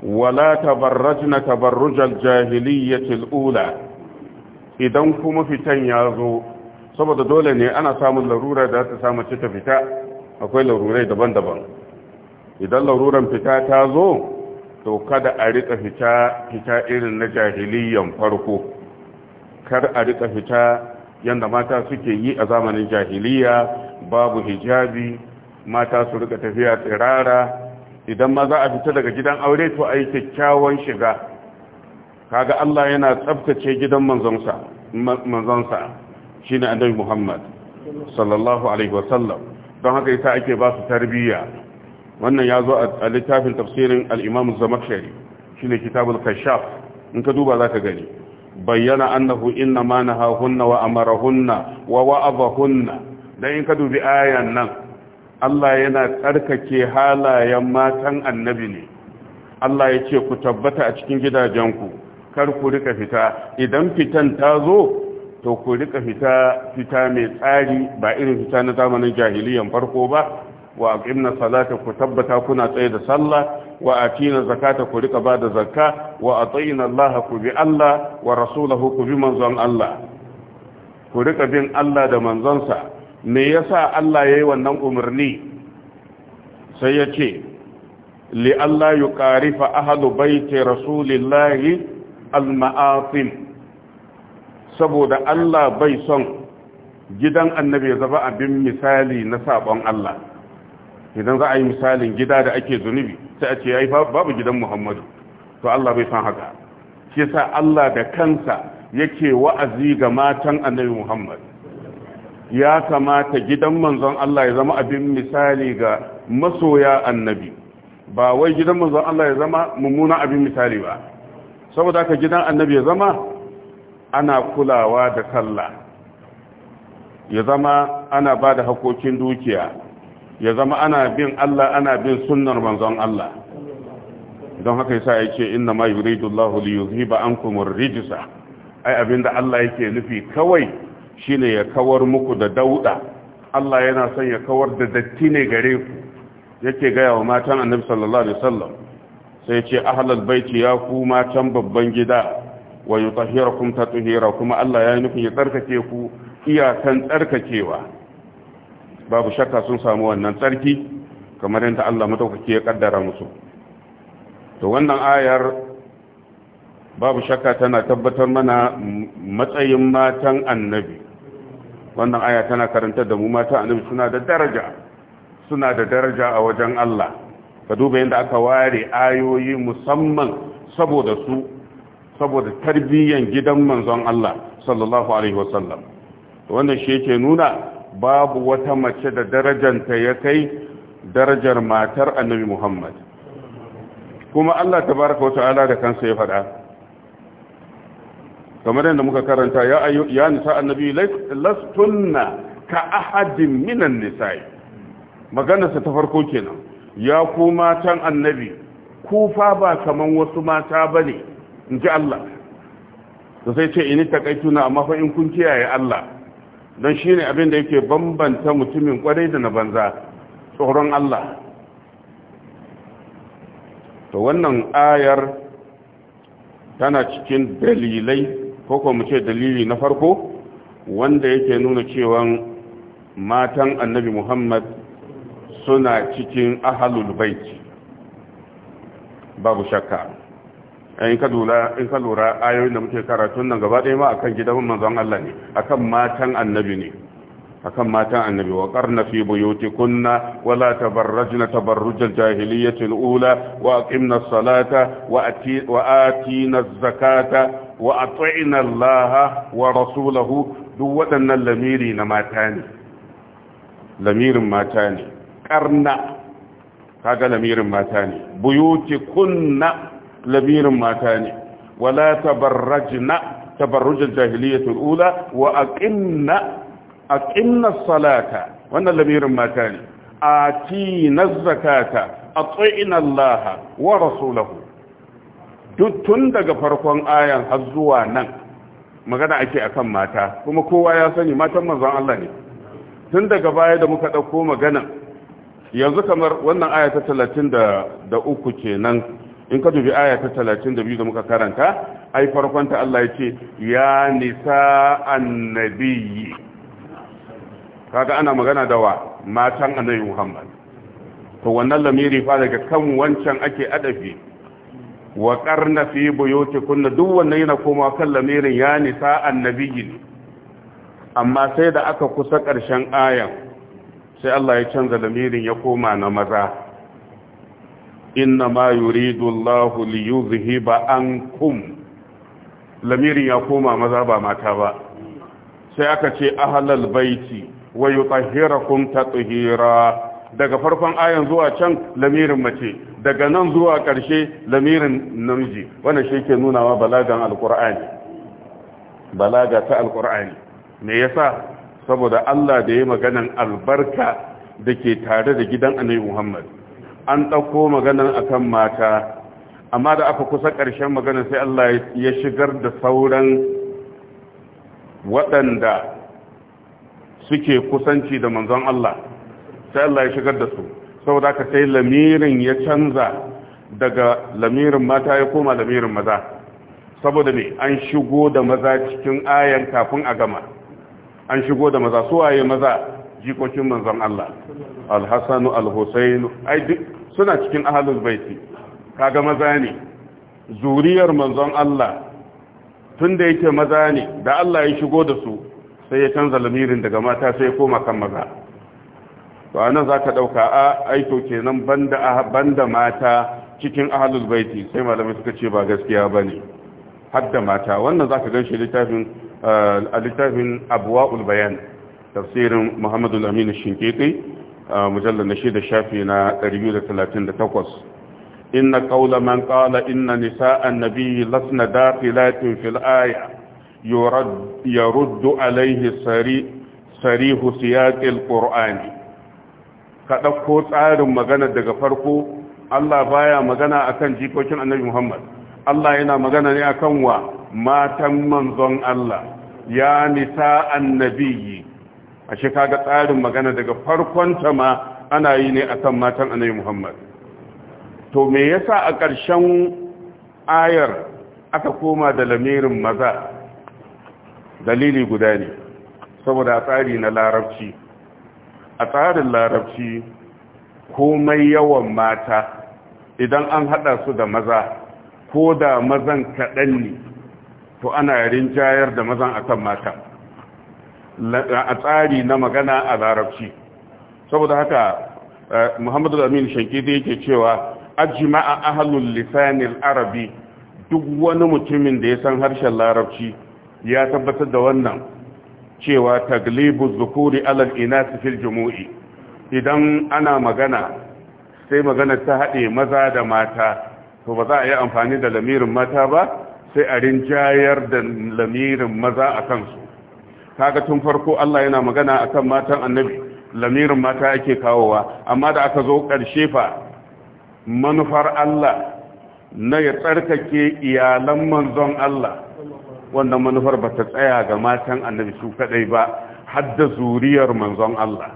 wala tabarrajna tabarrujal jahiliyyatil ula idan kuma fitan ya zo saboda dole ne ana samun larura da ta samu cika fita akwai larurai daban-daban idan laruran fita ta zo to kada a rika fita fita irin na jahiliyan farko kar a rika fita yanda mata suke yi a zamanin jahiliya babu hijabi mata su rika tafiya tsirara idan ma za a fita daga gidan aure to a yi kyakkyawan shiga kaga Allah yana tsabtace gidan manzonsa manzonsa shine annabi Muhammad sallallahu alaihi wasallam don haka yasa ake ba su tarbiyya wannan ya zo a littafin tafsirin al-Imam Zamakhshari shine kitabul kashaf in ka duba zaka gani bayyana annahu inna ma nahahunna wa amarahunna wa wa'adahunna dan in ka dubi ayan nan Allah yana tsarkake halayen matan annabi ne Allah ya ce ku tabbata a cikin gidajenku kar ku rika fita idan fitan ta zo to ku rika fita fita mai tsari ba irin fita na zamanin jahiliyan farko ba wa aqimna salata ku tabbata kuna tsaye da sallah wa atina zakata ku rika bada zakka wa atina Allah ku bi Allah wa rasulahu ku bi manzon Allah ku rika bin Allah da manzonsa me yasa Allah yayi wannan umarni sai ya ce li Allah yuqarifa ahlu baiti rasulillahi al-ma'afil saboda Allah bai son gidan annabi ya zaba abin misali na sabon Allah idan za a yi misalin gida da ake zunubi sai a ce ya babu gidan muhammadu to Allah bai san haka shi sa Allah da kansa yake wa'azi ga matan annabi muhammad ya kamata gidan manzon Allah ya zama abin misali ga masoya annabi ba wai gidan manzon Allah ya zama mummuna abin misali ba saboda haka gidan annabi ya zama ana kulawa da sallah ya zama ana ba da hakokin dukiya ya zama ana bin Allah ana bin sunnar manzon Allah don haka yasa yake inna ma yuridu Allahu li rijsa ai abinda Allah yake nufi kawai shine ya kawar muku da dauda Allah yana son ya kawar da datti ne gare ku yake ga wa matan Annabi sallallahu alaihi wasallam sai ce ahlal baiti ya ku matan babban gida wa yutahhirakum tatahira kuma Allah ya yi nufin ya tsarkake ku iyakan tsarkakewa babu shakka sun samu wannan tsarki kamar yadda Allah madaukake ya kaddara musu to wannan ayar babu shakka tana tabbatar mana matsayin matan annabi wannan aya tana karanta da mu matan annabi suna da daraja suna da daraja a wajen Allah ka duba yadda aka ware ayoyi musamman saboda su saboda tarbiyyan gidan manzon Allah sallallahu alaihi wasallam wannan shi yake nuna babu wata mace da darajanta ya kai darajar matar annabi Muhammad kuma Allah tabaraka wata'ala da kansa ya faɗa kamar yadda muka karanta ya ya nisa annabi lastunna ka ahadin minan nisa maganarsa ta farko kenan ya ku matan annabi ku fa ba kaman wasu mata bane in ji Allah to sai ce ini takaituna amma fa in kun kiyaye Allah don shine abin da yake bambanta mutumin kwarai da na banza tsoron Allah to wannan ayar tana cikin dalilai ko ko mu ce dalili na farko wanda yake nuna cewa matan annabi Muhammad suna cikin ahalul baiti babu shakka in ka lura ayoyin da muke karatun nan gaba ɗaya ma akan gidan manzon Allah ne akan matan annabi ne akan matan annabi wa qarna fi buyoti kunna wala tabarrajna tabarruj al ula wa aqimna salata wa atina zakata wa ati'na Allah wa rasulahu duk waɗannan lamiri na mata ne lamirin mata ne karna kaga lamirin mata ne buyuti kunna lamirin mata ne wala tabarrajna tabarrujal jahiliyatul ula wa aqinna aqinna salata wannan lamirin mata ne atina zakata ati'na allaha wa rasulahu duk tun daga farkon ayan har zuwa nan magana ake akan mata kuma kowa ya sani matan manzon Allah ne tun daga baya da muka dauko magana yanzu kamar wannan aya ta ke kenan in ka dubi aya ta talatin da muka karanta ai farkon ta Allah ya ce ya nisa annabi kaga ana magana da wa matan annabi Muhammad to wannan lamiri fa daga kan wancan ake adafi wa qarna fi kunna duk wannan yana koma kan lamirin ya nisa annabi amma sai da aka kusa ƙarshen ayan sai Allah ya canza lamirin ya koma na maza inna ma yuridu Allah li yuzhiba ankum lamirin ya koma maza ba mata ba sai aka ce ahlal baiti wa yutahhirakum tatheera daga farkon ayan zuwa can lamirin mace daga nan zuwa karshe lamirin namiji wannan shi ke nunawa balagan alƙur'ani balaga ta alƙur'ani me yasa saboda Allah da ya maganan albarka da ke tare da gidan annabi Muhammad an ɗauko maganan akan mata amma da aka kusa ƙarshen magana, sai Allah ya shigar da sauran waɗanda suke kusanci da manzon Allah sai Allah ya shigar da su saboda aka sai lamirin ya canza daga lamirin mata ya koma lamirin maza saboda ne an shigo da maza cikin ayan kafin a gama an shigo da maza su waye maza jikokin manzon Allah al-Hasan al-Husayn ai duk suna cikin ahlul baiti kaga maza ne zuriyar manzon Allah tunda yake maza ne da Allah ya shigo da su sai ya canza lamirin daga mata sai ya koma kan maza to anan zaka dauka a ai to kenan banda banda mata cikin ahlul baiti sai malamai suka ce ba gaskiya bane hadda mata wannan zaka ganshi littafin a littafin abuwa'ul bayani tafsirin muhammadu Aminu shinkiti a mujallar na shida shafi na 238 inna kaula man kala inna nisa'an nabiyyi lasna latin filaya ya ruddu alaihi sarihu siyaqil Ƙur'ani. ka tsarin magana daga farko Allah baya magana akan jikokin annabi Muhammad Allah yana magana ne akan wa matan manzon Allah ya nisa annabiyi a shi kaga tsarin magana daga farkon ta ma ana yi ne akan matan annabi Muhammad to me yasa a ƙarshen ayar aka koma da lamirin maza dalili guda ne saboda tsari na larabci a tsarin larabci komai yawan mata idan an hada su da maza ko da mazan kaɗan ne to ana rinjayar da mazan akan mata a tsari na magana a larabci saboda haka eh, muhammadu amin shankidi yake cewa ajima'a ahalul lisanin arabi duk wani mutumin da ya san harshen larabci ya tabbatar da wannan cewa taglibu zukuri alal ina fil jumu'i idan ana magana sai magana ta haɗe maza da mata to ba za a yi amfani da lamirin mata ba sai a rinjayar da lamirin maza a kansu kaga tun farko Allah yana magana akan matan annabi lamirin mata ake kawowa amma da aka zo ƙarshe fa manufar Allah na ya tsarkake iyalan manzon Allah wannan manufar ba ta tsaya ga matan annabi su kadai ba har zuriyar manzon Allah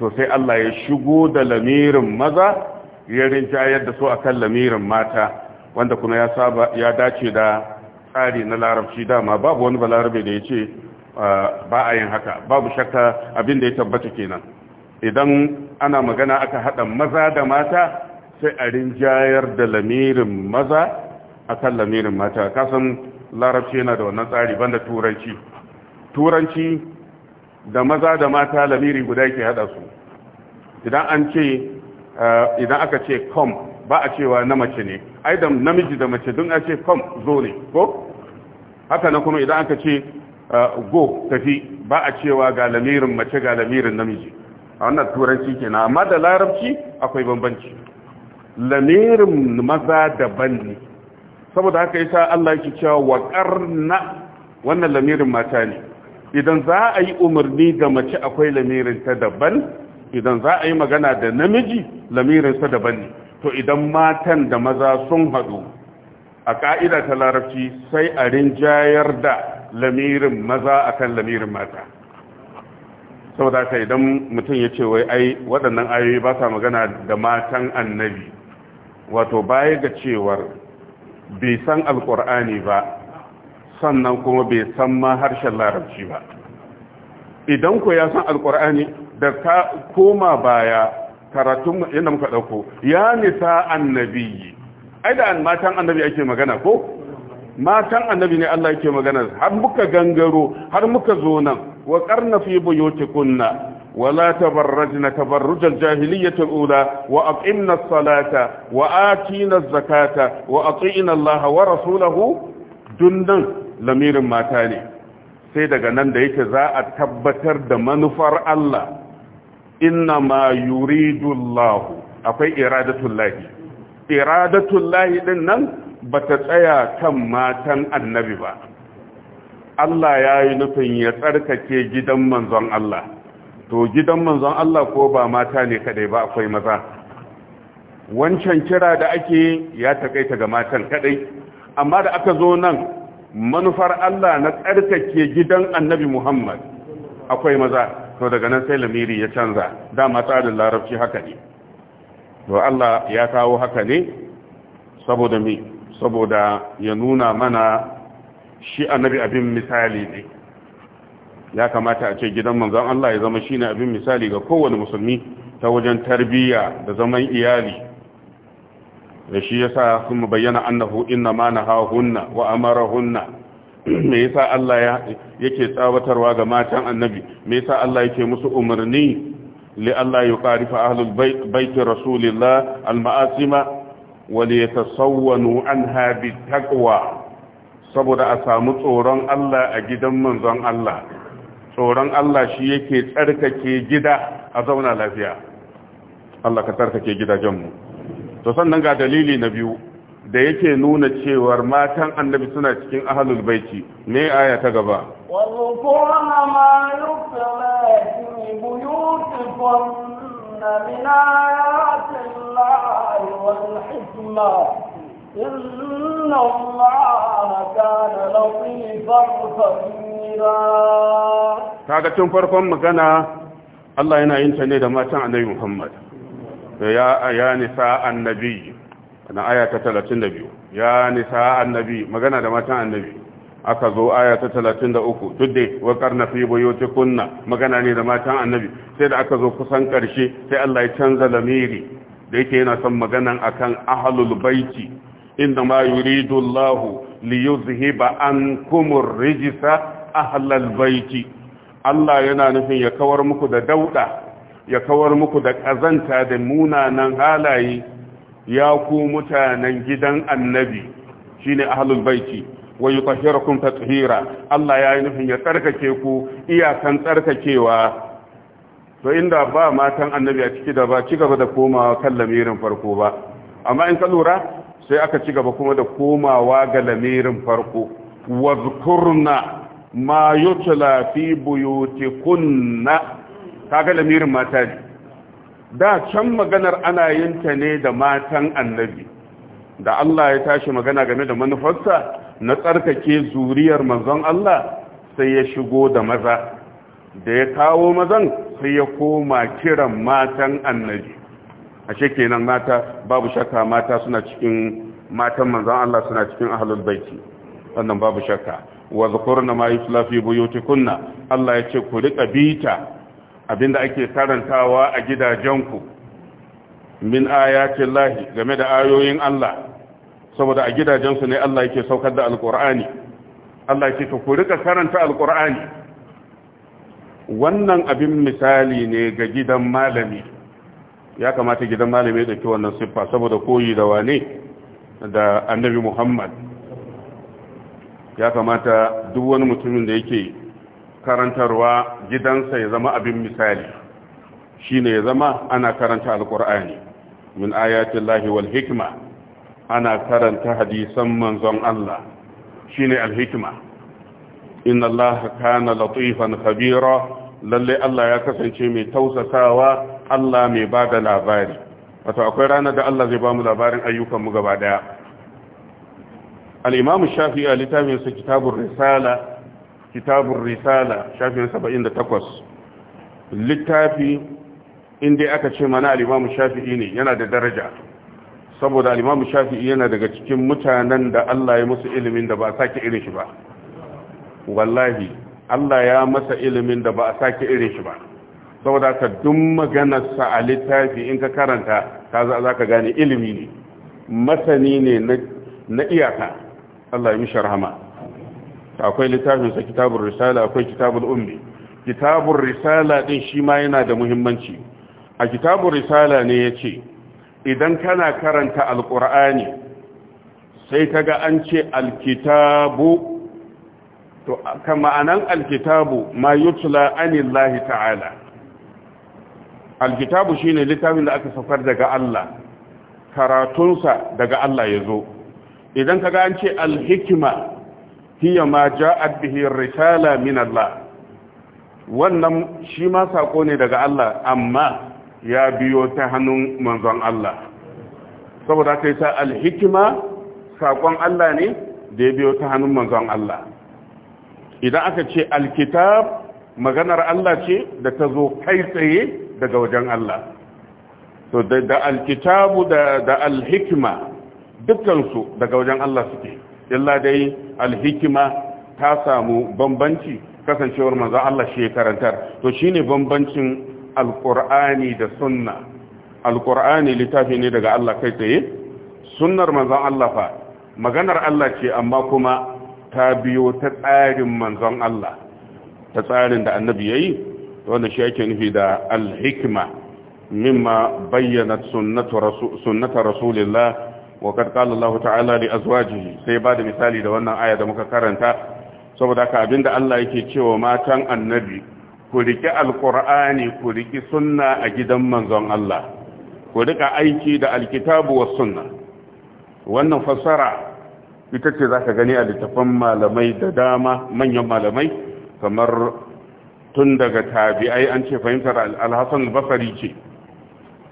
to sai Allah ya shigo da lamirin maza ya rinjayar da su akan lamirin mata wanda kuma ya saba ya dace da tsari na larabci dama babu wani balarabe da ya ce ah, ba a yin haka babu shakka abin da ya tabbata kenan idan ana magana aka haɗa maza da mata sai a rinjayar da lamirin maza a kan lamirin mata kasan larabci yana da wannan tsari banda turanci turanci da maza da mata lamiri guda ke haɗa su idan an ce ah, idan aka ce come ba a cewa na mace ne ai da namiji da mace don a ce kom zo ne ko haka na kuma idan aka ce uh, go tafi ba a cewa ga lamirin mace ga lamirin namiji a wannan turanci na amma da larabci akwai bambanci lamirin maza daban ne saboda haka yasa Allah yake cewa wa qarna wannan lamirin mata ne idan za a yi umarni da mace akwai lamirin ta daban idan za a yi magana da namiji lamirin sa daban ne to idan matan da maza sun haɗu a ƙa'ida ta larabci sai a rinjayar da lamirin maza a kan lamirin mata Sau da ka idan mutum ya ce wai ai waɗannan ayoyi ba sa magana da matan annabi wato baya ga cewar bai san alƙur'ani ba sannan kuma bai san ma harshen larabci ba idan ku ya san alƙur'ani da ka koma baya karatun yadda muka ɗauko ya nisa annabi ai matan annabi ake magana ko matan annabi ne Allah yake magana har muka gangaro har muka zo nan wa qarna fi buyutikunna wa la tabarrajna tabarruj al-jahiliyyah al-ula wa aqimna as-salata wa zakata wa atina rasulahu dundan lamirin mata ne sai daga nan da yake za a tabbatar da manufar Allah inna ma yuridu Allah akwai iradatul lahi iradatul lahi din nan bata tsaya kan matan annabi ba Allah ya yi nufin ya tsarkake gidan manzon Allah to gidan manzon Allah ko ba mata ne kadai ba akwai maza wancan kira da ake ya takaita ga matan kadai amma da aka zo nan manufar Allah na tsarkake gidan annabi Muhammad akwai maza to daga nan sai lamiri ya canza dama tsarin larabci haka ne to Allah ya kawo haka ne saboda mi saboda ya nuna mana shi annabi abin misali ne ya kamata a ce gidan manzon Allah ya zama shine abin misali ga kowane musulmi ta wajen tarbiyya da zaman iyali da shi yasa sun bayyana annahu inna ma nahahunna wa amarahunna me yasa Allah Ya yake tsawatarwa ga matan annabi me yasa Allah yake musu umarni li Allah yuqarifa ahlul bait rasulillah al-ma'asima. almaasima wa li yatasawwanu anha taqwa saboda a samu tsoron Allah a gidan manzon Allah tsoron Allah shi yake tsarkake gida a zauna lafiya Allah ka tsarkake gidajenmu to sannan ga dalili na biyu da yake nuna cewar matan annabi suna cikin ahalul baiti ne aya ta gaba wadhkurna ma kaga tun farkon magana Allah yana yin ta ne da matan annabi Muhammad ya ya nisa annabi na aya ta biyu ya nisa annabi magana da matan annabi aka zo aya ta uku tudde wa karna fi kunna magana ne da matan annabi sai da aka zo kusan ƙarshe sai Allah ya canza lamiri da yake yana son maganan akan ahalul baiti inda ma yuridu Allah li yuzhiba an kumur rijisa baiti Allah yana nufin ya kawar muku da dauda ya kawar muku da kazanta da munanan halaye ya ku mutanen gidan annabi shine ahlul baiti wa yutahhirukum tatheera Allah ya yi nufin ya tsarkake ku iyakan tsarkakewa to inda ba matan annabi a ciki da ba ci gaba da komawa kan lamirin farko ba amma in ka lura sai aka ci gaba kuma da komawa ga lamirin farko wazkurna ma yutla fi buyutikunna ga lamirin mata da can maganar ana yin ta ne da matan annabi da Allah ya tashi magana game da manufarsa na tsarkake zuriyar manzon Allah sai ya shigo da maza da ya kawo mazan sai ya koma kiran matan annabi ashe kenan mata babu shakka mata suna cikin matan manzon Allah suna cikin ahlul baiti wannan babu shakka wa zakurna ma yusla fi buyutikunna Allah ya ce ku rika bita abinda ake karantawa a gidajenku min ayatin lahi game da ayoyin Allah saboda a gidajensu ne Allah yake saukar da alkur'ani Allah yake to ku rika karanta alkur'ani wannan abin misali ne ga gidan malami ya kamata gidan malami ya dauki wannan siffa saboda koyi da wane da annabi Muhammad ya kamata duk wani mutumin da yake karantarwa gidansa ya zama abin misali ne ya zama ana karanta alkur'ani min ayatin lahi wal hikima ana karanta hadisan manzon Allah shine alhikima inna Allah kana latifan khabira lalle Allah ya kasance mai tausasawa Allah mai bada labari wato akwai ranar da Allah zai ba mu labarin ayyukan mu gaba daya al-imam shafi'i a littafin sa kitabur risala kitabun risala shafin 78 littafi inda aka ce mana alimamu shafi'i ne yana da daraja saboda alimamu shafi'i yana daga cikin mutanen da Allah ya musu ilimin da ba a sake irin shi ba wallahi Allah ya masa ilimin da ba a sake irin shi ba saboda ka dun maganarsa a littafi in ka karanta ta za ka gane ilimi ne masani ne na iyaka Allah ya mishi rahama akwai littafin sa risala akwai kitabul ummi kitabur risala ɗin shi ma yana da muhimmanci a kitabur risala ne yace idan kana karanta alqur'ani sai kaga an ce alkitabu to kan ma'anan alkitabu ma yutla anillahi ta'ala alkitabu shine littafin da aka safar daga Allah karatunsa daga Allah ya zo. idan kaga an ce alhikma hiya ma ja'at bihi risala min wannan shi ma sako ne daga Allah amma ya biyo ta hannun manzon Allah saboda kai sa alhikima sakon Allah ne da ya biyo ta hannun manzon Allah idan aka ce alkitab maganar Allah ce da ta zo kai tsaye daga wajen Allah to da alkitabu da alhikima dukkansu daga wajen Allah suke illa dai alhikima ta samu bambanci kasancewar manzo Allah shi karantar to shine bambancin alqur'ani da sunna alqur'ani littafi ne daga Allah kai tsaye sunnar manzo Allah fa maganar Allah ce amma kuma ta biyo ta tsarin manzon Allah ta tsarin da annabi yayi wanda shi yake nufi da alhikma mimma bayyana sunnatu rasulillah wa kad qala Allah ta'ala li azwajihi sai ba da misali da wannan aya da muka karanta saboda haka abinda Allah yake cewa matan annabi ku riki alqur'ani ku riki sunna a gidan manzon Allah ku rika aiki da alkitabu was sunna wannan fassara ita ce zaka gani a littafan malamai da dama manyan malamai kamar tun daga tabi'ai an ce fahimtar al-Hasan al ce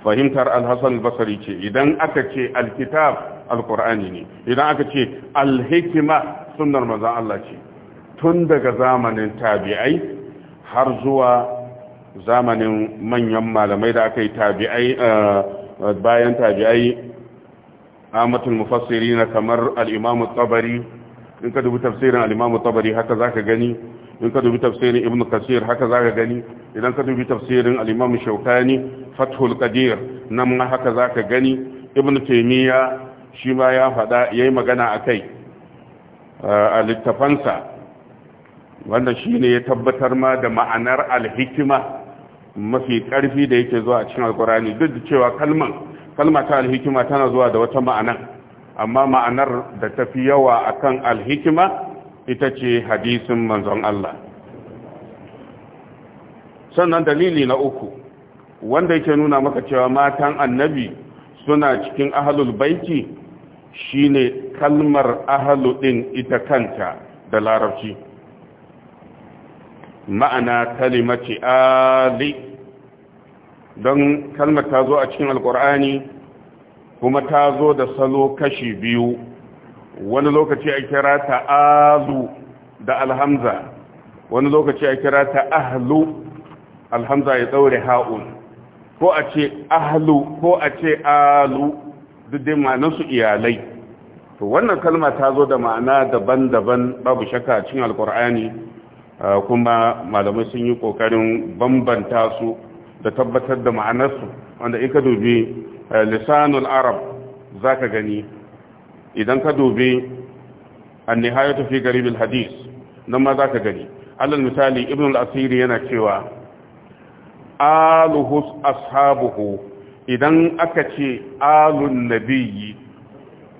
fahimtar alhasan basari ce idan aka ce alkitab alkur'ani ne idan aka ce alhikima hikma sunnar Allah ce tun daga zamanin tabi'ai har zuwa zamanin manyan malamai da aka yi tabi'ai eh, bayan tabi'ai amatul mufassiri na kamar al'imamu tabari in ka dubi tafsirin al'imamu imamu tabari haka zaka gani in ka dubi tafsirin ibn kasir haka za ka gani idan ka dubi tafsirin al-imam shaukani fathul qadir nan ma haka za ka gani ibn taymiya shi ma ya faɗa yayi magana akai eh, a littafansa wanda shi ne ya tabbatar ma da ma'anar al mafi karfi da yake zuwa a cikin alkurani duk da cewa kalman kalma ta alhikima tana zuwa da wata ma'ana amma ma'anar da tafi yawa akan alhikima ita ce hadisin manzon Allah sannan dalili na uku wanda yake nuna maka cewa matan annabi suna cikin ahalul baiti shine kalmar ahalu din ita kanta da larabci ma'ana kalimaci ali don kalmar ta zo a cikin alkur'ani kuma ta zo da salo kashi biyu wani lokaci a kira ta azu da alhamza wani lokaci a kira ta ahlu alhamza ya tsaure ha'un ko a ce ahlu ko a ce alu duk dai ma'anarsu iyalai to wannan kalma ta zo da ma'ana daban-daban babu shaka cikin alkur'ani kuma malamai sun yi kokarin bambanta su da tabbatar da ma'anarsu wanda in dubi eh, lisanul arab zaka gani idan ka an dubi tafi gari bil hadis nan ma za ka gani alal misali ibn al-asiri yana cewa aluhu ashabuhu idan aka ce alun nabiyyi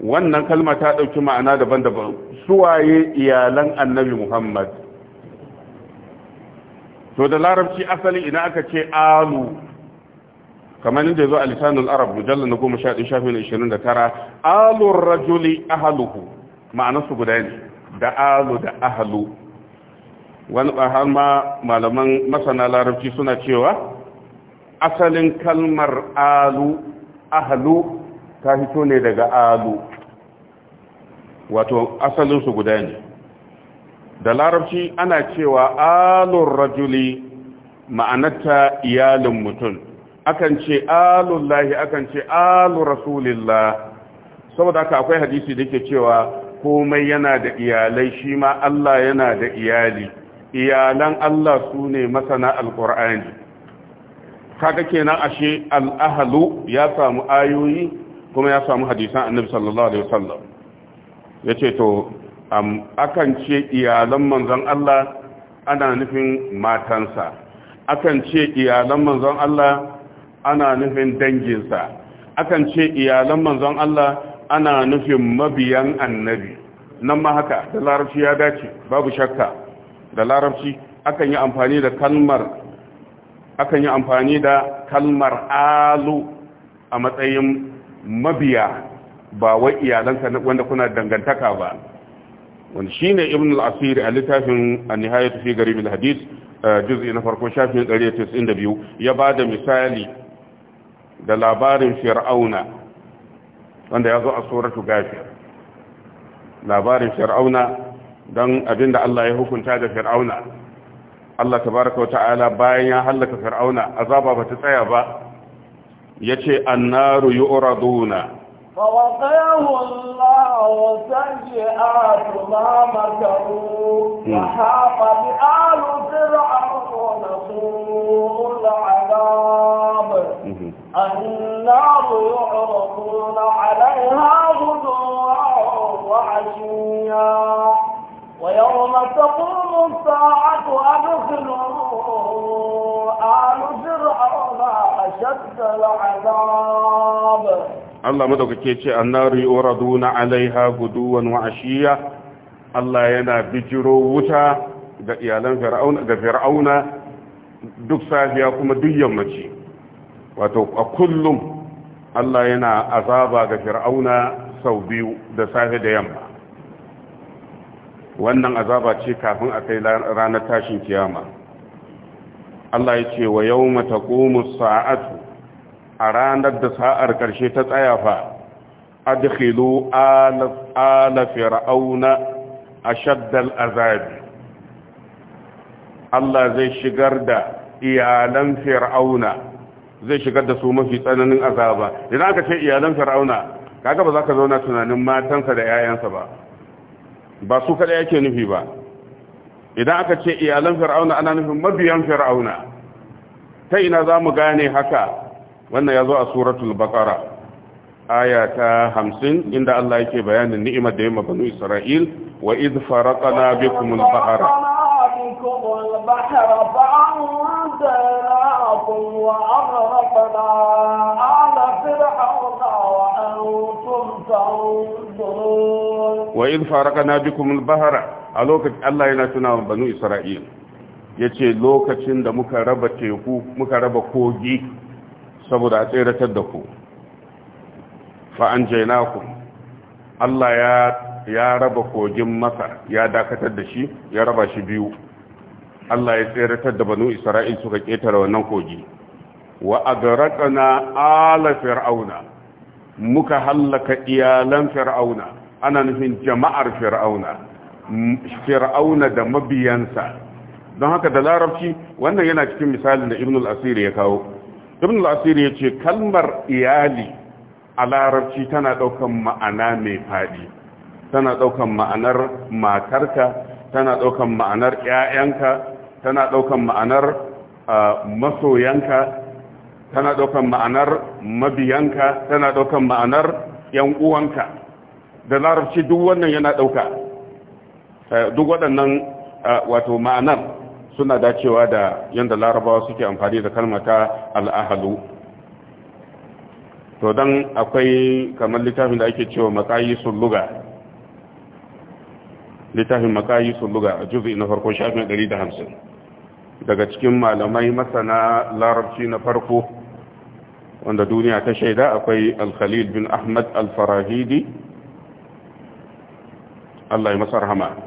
wannan kalma ta ɗauki ma'ana daban-daban suwaye iyalan annabi muhammad to da larabci asali idan aka ce alu kamar inda zo a lisanin arab mujallar na goma sha ɗin shafin na ishirin da tara alun rajuli ahaluhu ma'anarsu guda ne da alu da ahalu wani har ma malaman masana larabci suna cewa asalin kalmar alu ahalu ta hito ne daga alu wato asalinsu guda ne da larabci ana cewa alun rajuli ma'anarta iyalin mutum akan ce alullahi akan ce alu rasulillah saboda haka akwai hadisi da ke cewa komai yana da iyalai shi ma Allah yana da iyali iyalan Allah su ne masana alƙur'ani kaga kenan ashe al'ahalu ya samu ayoyi kuma ya samu hadisan annabi sallallahu alaihi wasallam yace to akan ce iyalan manzon Allah ana nufin matansa akan ce iyalan manzon Allah ana nufin danginsa akan ce iyalan manzon Allah ana nufin mabiyan annabi nan ma haka da larabci ya dace babu shakka da larabci akan yi amfani da kalmar akan yi amfani da kalmar alu a matsayin mabiya ba wai iyalanka wanda kuna dangantaka ba wani shine ibn al-asir a littafin an-nihayatu fi garib al-hadith eh, juz'i na farko shafin 192 ya da misali da labarin fir'auna wanda ya zo a suratu gafir labarin fir'auna don abinda Allah ya hukunta da fir'auna Allah tabaraka wata'ala bayan ya hallaka fir'auna azaba ba ta tsaya ba ce annaru yu'raduna فوقاه الله سيئات ما مكروا وحاق بآل فرعون سوء العذاب النار يعرضون عليها غدوا وعشيا ويوم تقوم الساعة أدخلوا آل فرعون أشد العذاب Allah madaukake ce an nari waraduna alaiha guduwan wa'ashiya Allah yana bijiro wuta ga iyalan fir'auna duk safiya kuma duk yammaci wato a kullum Allah yana azaba ga fir'auna sau biyu da safe da yamma wannan azaba ce kafin a kai ranar tashin kiyama Allah ya ce wa yau mataƙomu sa'atu a ranar da sa'ar ƙarshe ta tsaya fa adkhilu ala fir'auna ashaddal azabi Allah zai shigar da iyalan fir'auna zai shigar da su mafi tsananin azaba idan aka ce iyalan farauna kaga ba za ka zauna tunanin matansa da 'ya'yansa ba ba su kada yake nufi ba idan aka ce iyalan fir'auna ana nufin mabiyan fir'auna ta ina za mu gane haka wannan ya zo a suratul baqara aya ta hamsin inda Allah yake bayanin ni'imar da ya banu isra'il wa idh faraqna bikumul bahara منكم البحر فأنزلناكم وأغرقنا آل فرعون وأنتم تنظرون وإذ فارقنا بكم البحر a lokacin Allah yana tuna wa banu Isra'il ya ce lokacin da muka raba teku muka raba kogi saboda a tseratar da ku fa'an ku. Allah ya raba kogin Masa, ya dakatar da shi ya raba shi biyu Allah ya tseratar da banu Isra'il suka ketare wannan kogi wa na ala fir'auna muka hallaka iyalan fir'auna ana nufin jama'ar fir'auna fir'auna da mabiyansa don haka da larabci wannan yana cikin misalin da ibn al ya kawo ibn al-asir ya ce kalmar iyali a larabci tana ɗaukan ma'ana mai faɗi. tana ɗaukan ma'anar matarka tana ɗaukan ma'anar 'ya'yanka tana ɗaukan ma'anar masoyanka tana ɗaukan ma'anar mabiyanka tana ɗaukan ma'anar yan uwanka da larabci duk wannan yana ɗauka duk waɗannan wato ma'anar suna dacewa da yadda larabawa suke amfani da kalmata al'ahalu to don akwai kamar littafin da ake cewa makayi sun luga littafin makayi sun luga a juzi na farko shafin 150 daga cikin malamai masana larabci na farko wanda duniya ta shaida akwai alkhalil bin ahmad alfarahidi Allah ya masar hama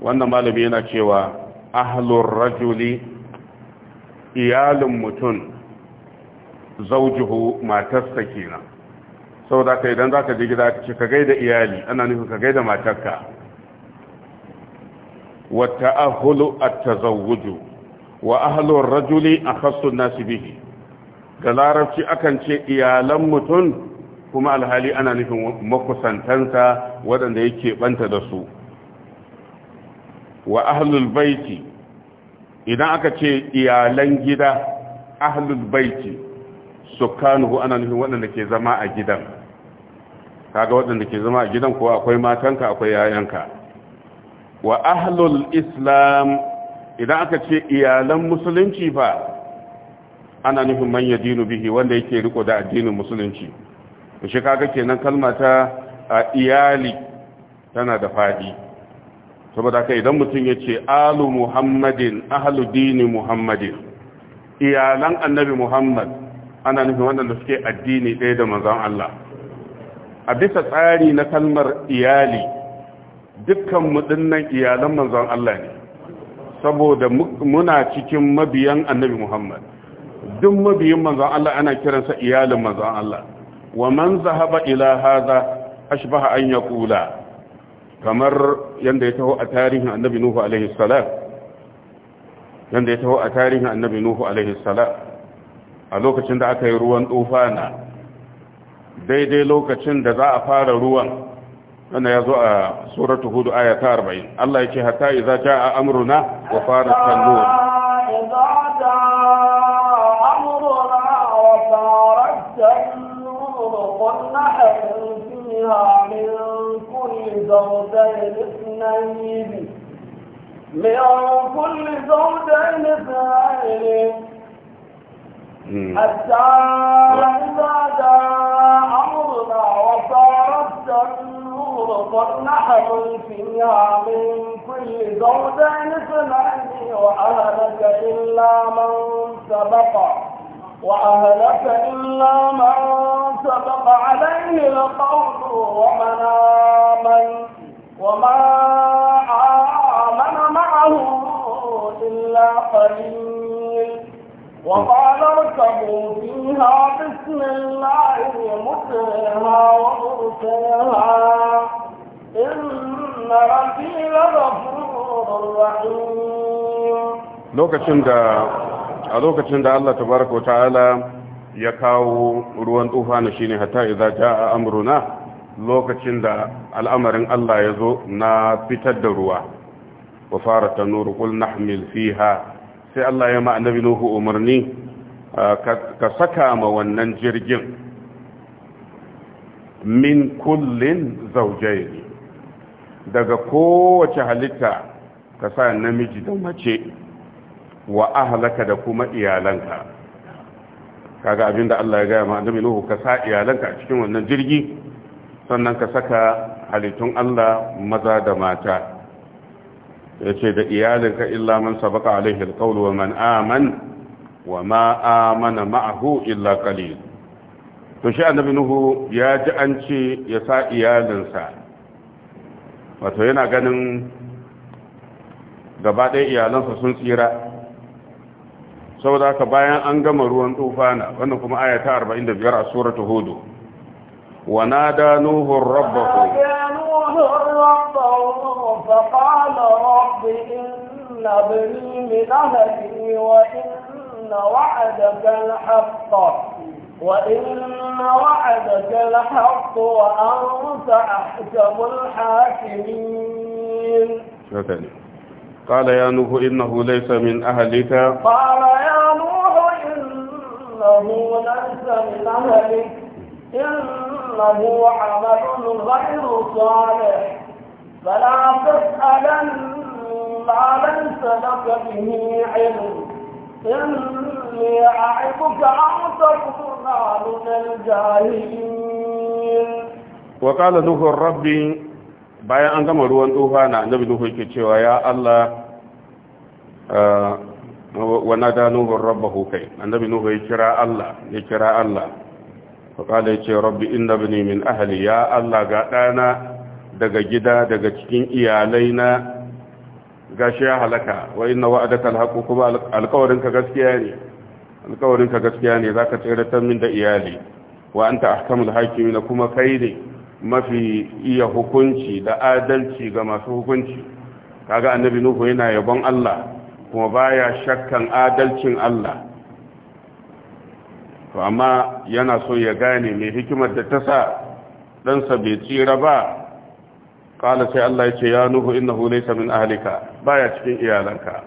wannan malami yana cewa ahlur rajuli iyalin mutum zaujuhu matarsa kenan saboda ka idan za ka je gida ka ce ka gaida iyali ana nufin ka gaida matarka wata ahulu at-tazawwuju wa ahlur rajuli akhassu nasi bihi da larabci akan ce iyalan mutum kuma alhali ana nufin makusantansa wadanda yake banta da su wa ahlul baiti idan aka ce iyalan gida ahlul baiti sukanu ana nufin wadanda ke zama a gidan kaga wadanda ke zama a gidan ko akwai matanka akwai yayanka wa ahlul islam idan aka ce iyalan musulunci ba, ana nufin manya dinu bihi wanda yake riko da addinin musulunci shi kaga kenan kalma ta iyali tana da fadi saboda haka idan mutum ya ce alu muhammadin ahlu dini muhammadin iyalan annabi muhammad ana nufin wanda suke addini ɗaya da manzon Allah a bisa tsari na kalmar iyali dukkan mu iyalan manzon Allah ne saboda muna cikin mabiyan annabi Muhammad duk mabiyin manzon Allah ana kiransa iyalin manzon Allah wa man zahaba ila hadha ashbaha an yaqula kamar yanda ya taho a tarihin annabi Nuhu alaihi salam yanda ya taho a tarihin annabi Nuhu alaihi salam a lokacin da aka yi ruwan tufana daidai lokacin da za a fara ruwan wannan ya zo a suratu hudu aya ta arba'in Allah ya ce hatta idza a amuruna wa farat tanur من كل زوجين اثنين حتى إذا جاء أمرنا وصارت النور حقل فيها من كل زوجين اثنين وأهلك إلا من سبق وأهلك إلا من سبق عليه القول ومن آمن وما آمن معه إلا قليل وقال اركبوا فيها بسم الله مطرها ومرسلها إن ربي لغفور رحيم لوكتشن دا a lokacin da Allah tabaraka wa ta'ala ya kawo ruwan tufa na shine hatta idza jaa amruna lokacin da al'amarin Allah ya zo na fitar da ruwa wa fara tanuru qul nahmil fiha sai Allah ya ma Nuhu umarni ka saka ma wannan jirgin min kullin zaujaini daga kowace halitta ka sa namiji da mace wa ahlaka da kuma iyalanka kaga abinda Allah ya gaya ma Nuhu ka sa iyalanka a cikin wannan jirgi sannan ka saka halittun Allah maza da mata ya ce da iyalinka illa man sabaka alaihi alqawlu wa man aman wa ma amana ma'ahu illa ƙalil. to shi annabi nuhu ya ji an ce ya sa iyalinsa wato yana ganin gaba ɗaya iyalansa sun tsira saboda haka bayan an gama ruwan tufana wannan kuma ayata 45 a suratul hudu. wa da nuhu rabbahu فقال إن أبني من أهلي وإن وعدك الحق وإن وعدك الحق وأنت أحكم الحاكمين قال يا نوح إنه ليس من أهلك قال يا نوح إنه ليس من أهلك إنه عمل غير صالح فلا تسألن ما ليس لك به علم إني أعظك أن تكون من الجاهلين وقال نوح ربي bayan an gama ruwan tsufa na annabi Nuhu yake cewa ya Allah wa nada Nuhu rabbahu kai annabi Nuhu ya kira Allah ya kira Allah fa kala yace rabbi inna ibni min ahli ya Allah ga dana daga gida daga cikin iyalai na. gashi ya halaka wa inna wa'adaka alhaqu kuma alƙawarin gaskiya ne alƙawarin gaskiya ne zaka tsiratar min da iyali wa anta ahkamul hakimin kuma kai ne mafi iya hukunci da adalci ga masu hukunci kaga annabi nuhu yana yabon Allah kuma baya shakkan adalcin Allah to amma yana so ya gane me hikimar da ta sa ɗansa bai tsira ba qala sai Allah ya ce ya nuhu innahu laysa min ahlika baya cikin iyalanka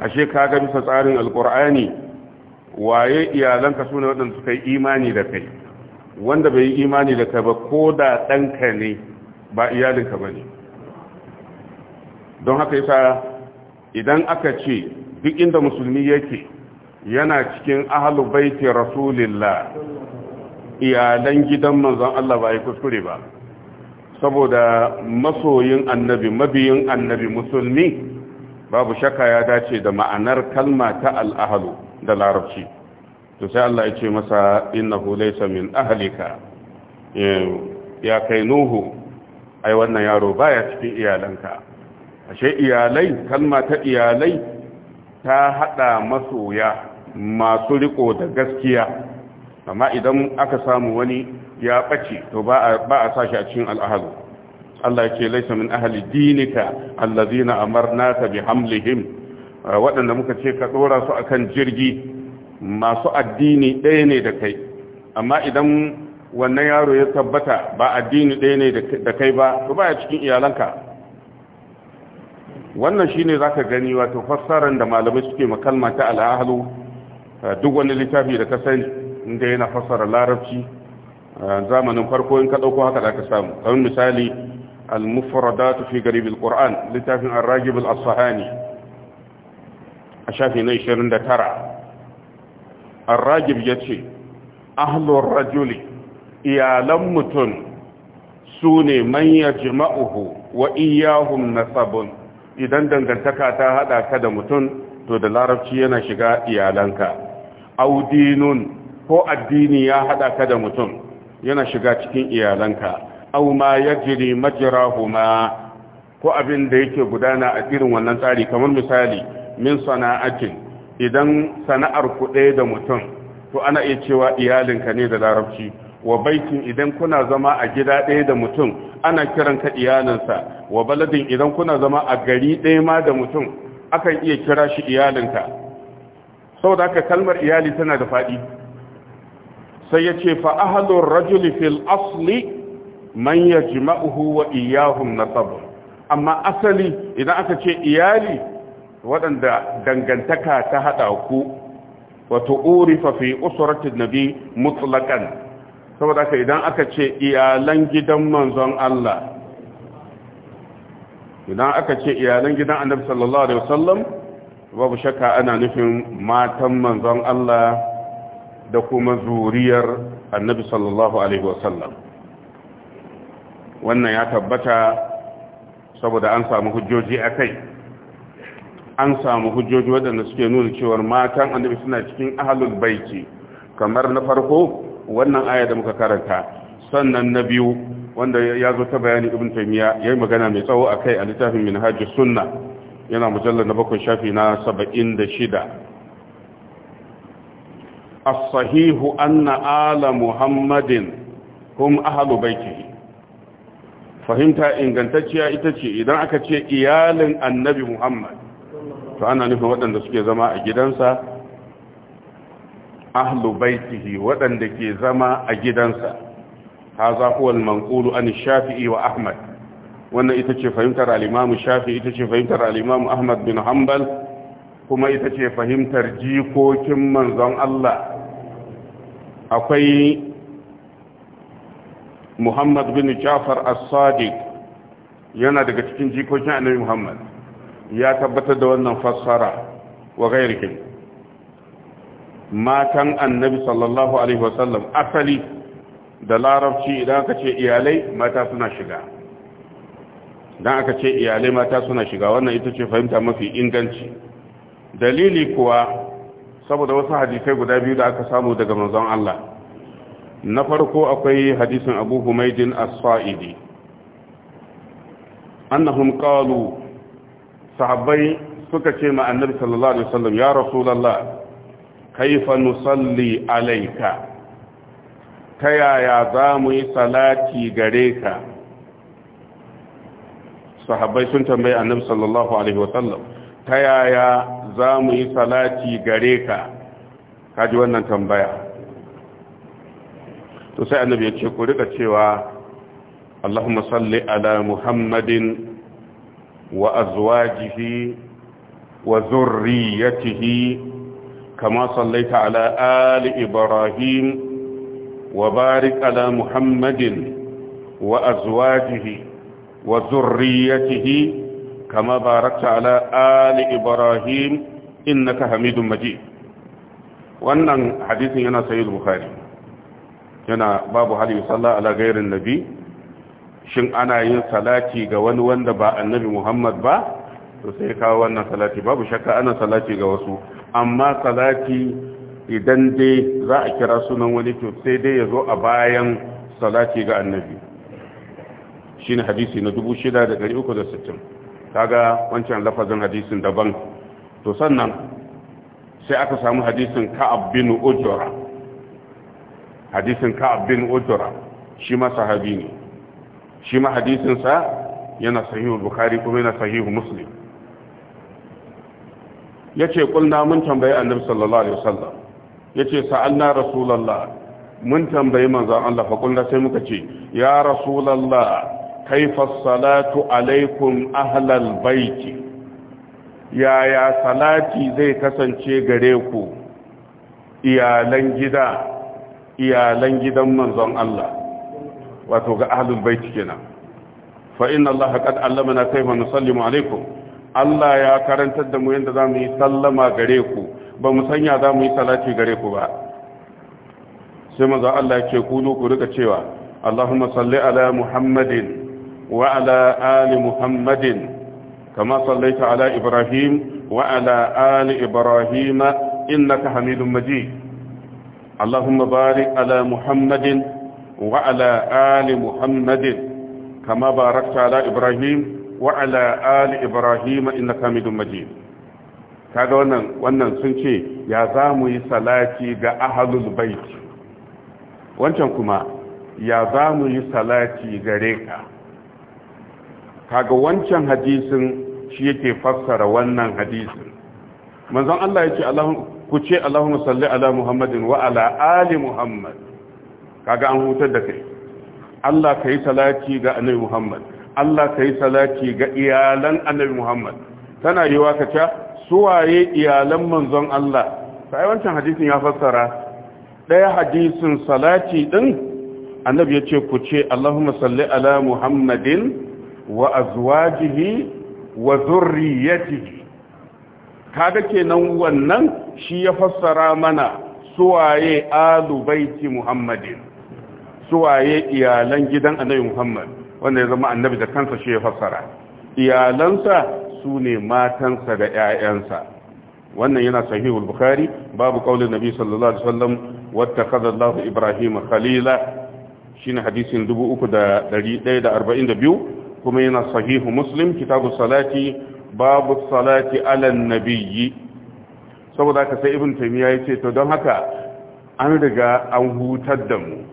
ashe kaga bisa tsarin alqur'ani waye iyalanka sune wadanda suka yi imani da kai wanda bai yi imani da kai ba ko da danka ne ba iyalinka bane don haka yasa idan aka ce duk inda musulmi yake yana cikin ahalu baiti rasulillah iyalan gidan manzon Allah ba yi kuskure ba saboda masoyin annabi mabiyin annabi musulmi babu shaka ya dace da ma'anar kalma ta al'ahalu da larabci to sai Allah ya ce masa innahu laysa min ahlika eh, ya kai nuhu ai wannan yaro baya cikin iyalanka ashe iyalai kalma ta iyalai ta hada masoya masu riko da gaskiya amma idan aka samu wani ya ɓace to ba a sashi a cikin al'ahalu Allah ce laisa min ahali dinika allazina amarnaka bi hamlihim ah, waɗanda muka ce ka ɗora su akan jirgi masu addini ɗaya ne da kai amma idan wannan yaro ya tabbata ba addini ɗaya ne da kai ba to baya cikin iyalanka wannan shine zaka gani wato fassarar da malamai suke makalma ta al'ahalu ah, duk wani littafi da ka sani inda yana fassara larabci zamanin farko in ka dauko haka zaka samu kamar misali al-mufradat fi garib al-Qur'an littafin ar-Ragib al-Asfahani a shafi na 29 ar-Ragib yace ahlur rajuli iyalan mutum sune ne man yajma'uhu wa iyyahum nasabun idan dangantaka ta hada ka da mutum to da larabci yana shiga iyalanka audinun ko addini ya hada ka da mutum yana shiga cikin iyalanka aw ma yajri majrahuma ko abin da yake gudana a irin wannan tsari kamar misali min sana'atin idan sana'ar ku ɗaya da mutum to ana iya cewa iyalinka ne da larabci wa baitin idan kuna zama a gida ɗaya da mutum ana kiranka iyalinsa wa baladin idan kuna zama a gari ɗaya ma da mutum akan iya kira shi iyalinka saboda haka kalmar iyali tana da faɗi sai ya ce fa ahalur rajuli fil asli man jima'uhu wa na nasab amma asali idan aka ce iyali waɗanda dangantaka ta haɗa ku wato urifa fi usratin nabi mutlakan saboda ka idan aka ce iyalan gidan manzon Allah idan aka ce iyalan gidan annabi sallallahu alaihi wasallam babu shakka ana nufin matan manzon Allah da kuma zuriyar annabi sallallahu alaihi wasallam wannan ya tabbata saboda an samu hujjoji a kai an samu hujjoji waɗanda suke nuna cewar matan annabi suna cikin ahalul baiti kamar na farko wannan aya da muka karanta sannan na biyu wanda ya zo ta bayani ibn taymiya yayi magana mai tsawo akai a littafin minhajus sunna yana mujallal na bakwai shafi na 76 as-sahihu ala muhammadin hum ahlu baitihi fahimta ingantacciya ita ce idan aka ce iyalin annabi muhammad to ana nufin waɗanda suke zama a gidansa ahlu baitihi waɗanda ke zama a gidansa haza huwa al-manqulu an shafi'i wa ahmad wannan ita ce fahimtar al-imam ita ce fahimtar al ahmad bin Hambal. kuma ita ce fahimtar jikokin manzon Allah akwai Muhammad bin Jafar as-Sadiq yana daga cikin jikokin Annabi Muhammad ya tabbatar da wannan fassara wa ghairihi matan Annabi sallallahu alaihi wasallam asali da larabci idan aka ce iyalai mata suna shiga aka ce iyalai mata suna shiga wannan ita ce fahimta mafi inganci dalili kuwa saboda wasu hadisai guda biyu da aka samu daga manzon Allah na farko akwai hadisin Abu Humaydin As-Sa'idi annahum qalu sahabbai suka ce ma annabi sallallahu alaihi wasallam ya rasulullah kaifa nusalli alayka ta yaya za mu yi salati gare ka sahabbai sun tambaye annabi sallallahu alaihi wasallam ta yaya za mu yi salati gare ka kaji wannan tambaya to sai annabi ya ce ku rika cewa Allahumma salli ala Muhammadin wa azwajihi wa zurriyatihi كما صليت على آل إبراهيم وبارك على محمد wa zurriyatihi. كما باركت على آل إبراهيم إنك حميد مجيد wannan hadisin yana sayi bukhari yana babu hali salla ala gairin nabi shin ana yin salati ga wani wanda ba annabi muhammad ba to sai kawo wannan salati babu shakka ana salati ga wasu amma salati idan dai za a kira sunan wani to sai dai ya zo a bayan salati ga annabi shine hadisi na 6360 kaga wancan lafazin hadisin daban to sannan sai aka samu hadisin ka'ab bin ujra hadisin ka'ab bin ujra shi ma sahabi ne shi ma hadisin sa yana sahihu bukhari kuma yana sahihu muslim yace kulna mun tambayi annabi sallallahu alaihi wasallam yace sa'alna rasulullah mun tambayi manzon Allah fa kulna sai muka ce ya rasulullah كيف الصلاة alaikum ahlal البيت yaya يا zai kasance gare ku iyalan gida iyalan gidan لنجدا Allah wato ga ahlul أهل البيت fa فإن Allah قد علمنا كيف نسلم alaikum Allah ya karantar da mu yadda mu yi sallama gare ku ba mu sanya za mu yi salati gare ku ba sai manzo Allah ya ce ku ku rika cewa Allahumma salli ala Muhammadin وعلى آل محمد كما صليت على إبراهيم وعلى آل إبراهيم إنك حميد مجيد اللهم بارك على محمد وعلى آل محمد كما باركت على إبراهيم وعلى آل إبراهيم إنك حميد مجيد kaga wannan wannan sun ce ya za mu yi salati ga ahalul bait wancan kuma ya za mu yi salati gare ka kaga wancan hadisin shi yake fassara wannan hadisin manzon Allah yace Allahu ku ce Allahumma salli ala Muhammadin wa ala ali Muhammad kaga an hutar da kai Allah kai salati ga annabi Muhammad Allah kai salati ga iyalan annabi Muhammad tana yiwa ka ta suwaye iyalan manzon Allah sai wancan hadisin ya fassara daya hadisin salati din annabi yace ku ce Allahumma salli ala Muhammadin wa azwajihi wa zurriyatihi kaga kenan wannan shi ya fassara mana suwaye alu baiti muhammadin suwaye iyalan gidan annabi muhammad wanda ya zama annabi da kansa shi ya fassara iyalansa su ne matansa da 'ya'yansa wannan yana sahihul bukhari babu qaulin nabi sallallahu alaihi wasallam wattakhadha Allahu Ibrahim khalila shine hadisin 3142 kuma yana sahihu muslim kitabu salati babu salati alan nabiyyi saboda ka sai ibn taymiya yace to don haka an riga an hutar da mu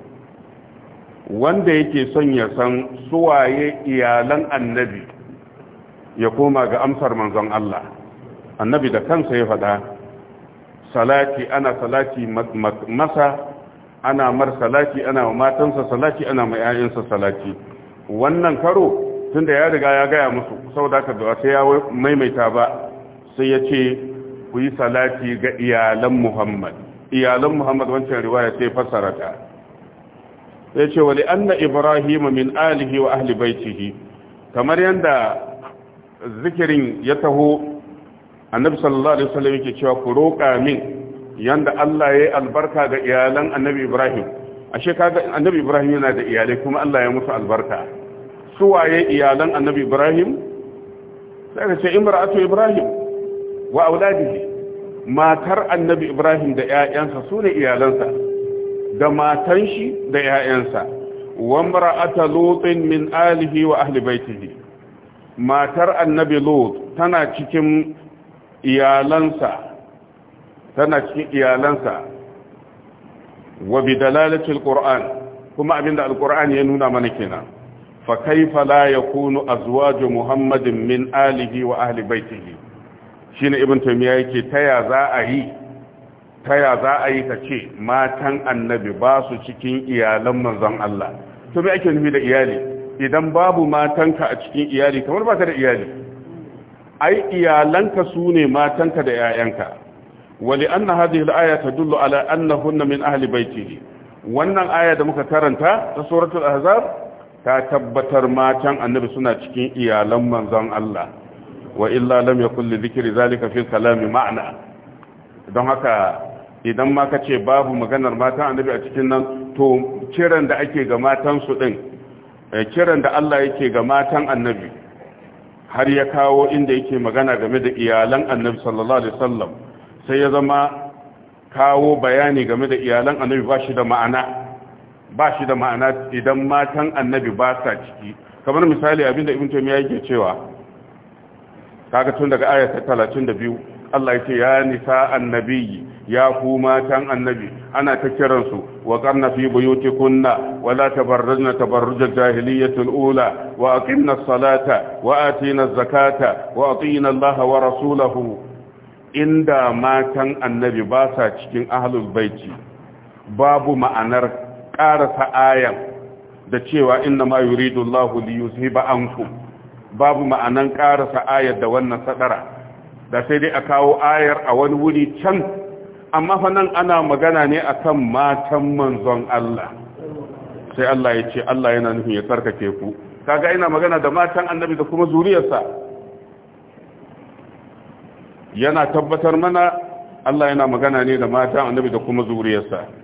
wanda yake son ya san suwaye iyalan annabi ya koma ga amsar manzon Allah annabi da kansa ya faɗa salati ana salati masa ana mar salati ana matansa salati ana ma 'ya'yansa salati wannan karo tunda ya riga ya gaya musu saboda haka ba sai ya maimaita ba sai ya ce ku yi salati ga iyalan Muhammad iyalan Muhammad wancan riwaya sai fassara ta ya ce wali anna ibrahim min alihi wa ahli baitihi kamar yanda zikirin ya taho annabi sallallahu alaihi wasallam yake cewa ku roƙa min yanda Allah ya yi albarka ga iyalan annabi ibrahim ashe kaga annabi ibrahim yana da iyalai kuma Allah ya musu albarka suwaye iyalan annabi ibrahim sai ka ce imra'atu ibrahim wa auladihi matar annabi ibrahim da 'ya'yansa sune iyalansa da matan shi da 'ya'yansa wa imra'ata lutin min alihi wa ahli baitihi matar annabi lut tana cikin iyalansa tana cikin iyalansa wa bi dalalatil qur'an kuma abinda alqur'ani ya nuna mana kenan fa kaifa la yakunu azwaju muhammadin min alihi wa ahli baitihi shine ibn yake taya za a yi taya za a yi kace matan annabi ba su cikin iyalan manzon Allah to me ake nufi da iyali idan babu matanka a cikin iyali kamar baka da iyali ai iyalanka sune matanka da 'ya'yanka wali anna hadhihi al-aya tadullu ala annahunna min ahli baitihi wannan aya da muka karanta ta suratul ahzab ta tabbatar matan annabi suna cikin iyalan manzon Allah wa illa lam yakul li zalika fi kalami ma'na don haka idan ma kace babu maganar matan annabi a cikin nan to kiran da ake ga matan su din eh, kiran da Allah yake ga matan annabi har ya kawo inda yake magana game da iyalan annabi sallallahu alaihi wasallam sai ya zama kawo bayani game da iyalan annabi ba shi da ma'ana ba shi da ma'ana idan matan annabi ba sa ciki kamar misali abinda ibn taymiya yake cewa kaga tun daga ayata 32 Allah ya ce ya nisa annabi ya ku matan annabi ana ta kiran su wa qarna fi buyutikunna wa la tabarrajna tabarruj al-jahiliyyatil ula wa aqimna as-salata wa atina az-zakata wa atina Allah wa rasulahu inda matan annabi ba sa cikin ahlul baiti babu ma'anar karasa ayan da cewa inna ma yuridu Allahu li yuzhiba ankum babu ma'anan karasa ayar da wannan sadara da sai dai a kawo ayar a wani wuri can amma fa nan ana magana ne akan matan manzon Allah sai Allah ya ce Allah yana nufin ya tsarkake ku kaga ina magana da matan annabi da kuma zuriyarsa yana tabbatar mana Allah yana magana ne da matan annabi da kuma zuriyarsa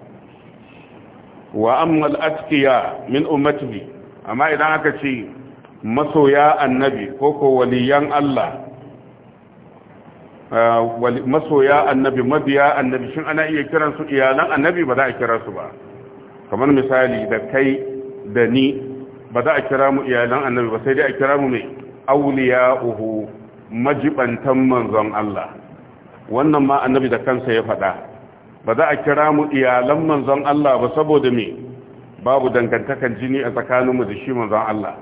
wa amma al'atkiya min ummatihi amma idan aka ce masoya annabi ko ko waliyan Allah uh, masoya annabi mabiya annabi shin ana iya kiransu iyalan annabi ba za a kira su ba kamar misali da kai da ni ba za a kira mu iyalan annabi ba sai dai a kira mu mai auliya'uhu majibantan manzon Allah wannan ma annabi da kansa ya faɗa ba za a kira mu iyalan manzon Allah ba saboda me babu dangantakan jini a tsakaninmu da shi manzon Allah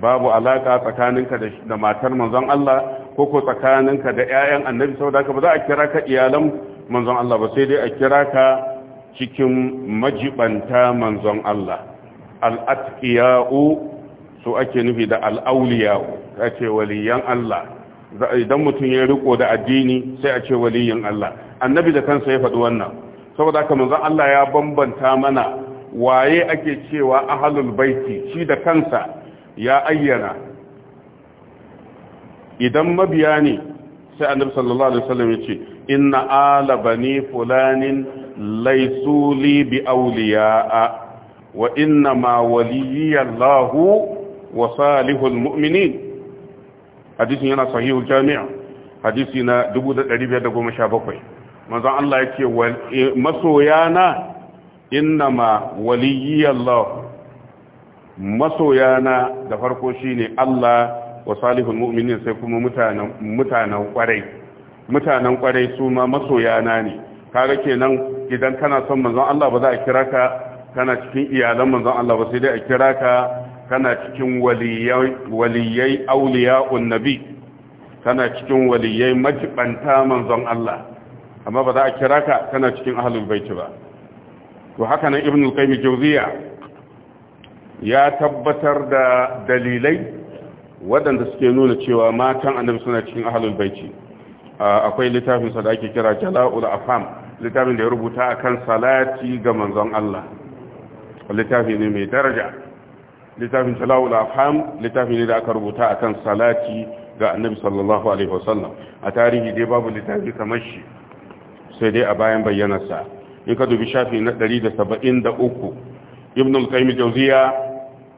babu alaka tsakaninka da matar manzon Allah ko ko tsakaninka da ƴaƴan annabi saboda ka ba za a kira ka iyalan manzon Allah ba sai dai a kira ka cikin majibanta manzon Allah al-atqiya'u su ake nufi da al-awliya'u kace waliyan Allah idan mutum ya riko da addini sai a ce waliyin Allah annabi da kansa ya faɗi wannan saboda haka manzon Allah ya bambanta mana waye ake cewa ahlul baiti shi da kansa ya ayyana idan mabiya ne sai annabi sallallahu alaihi wasallam ya ce inna ala bani fulanin laisu li bi awliya'a wa inna ma waliyallahu wa salihul mu'minin hadisin yana sahihul jami'a hadisi na 1517 manzon Allah yake eh, masoyana innama waliyallahu masoyana da farko shine Allah wa salihul mu'minin sai kuma mutanen mutanen kwarai mutanen kwarai su ma masoyana ne kaga kenan idan kana son manzon Allah ba za a kira ka kana cikin iyalan manzon Allah ba sai dai a kira ka kana cikin waliyai waliyai auliya'un nabi kana cikin waliyai majibanta manzon Allah amma ba za a kira ka kana cikin ahlul baiti ba to haka nan ibnu qayyim jawziya ya tabbatar da dalilai waɗanda suke nuna cewa matan annabi suna cikin ahlul baiti akwai littafin sa da ake kira jala'ul afam littafin da ya rubuta akan salati ga manzon Allah littafi ne mai daraja littafin jala'ul afam littafi ne da aka rubuta akan salati ga annabi sallallahu alaihi wasallam a tarihi dai babu littafi kamar shi sai dai a bayan bayyanarsa in ka dubi shafi na 173 ibn al-qayyim jawziya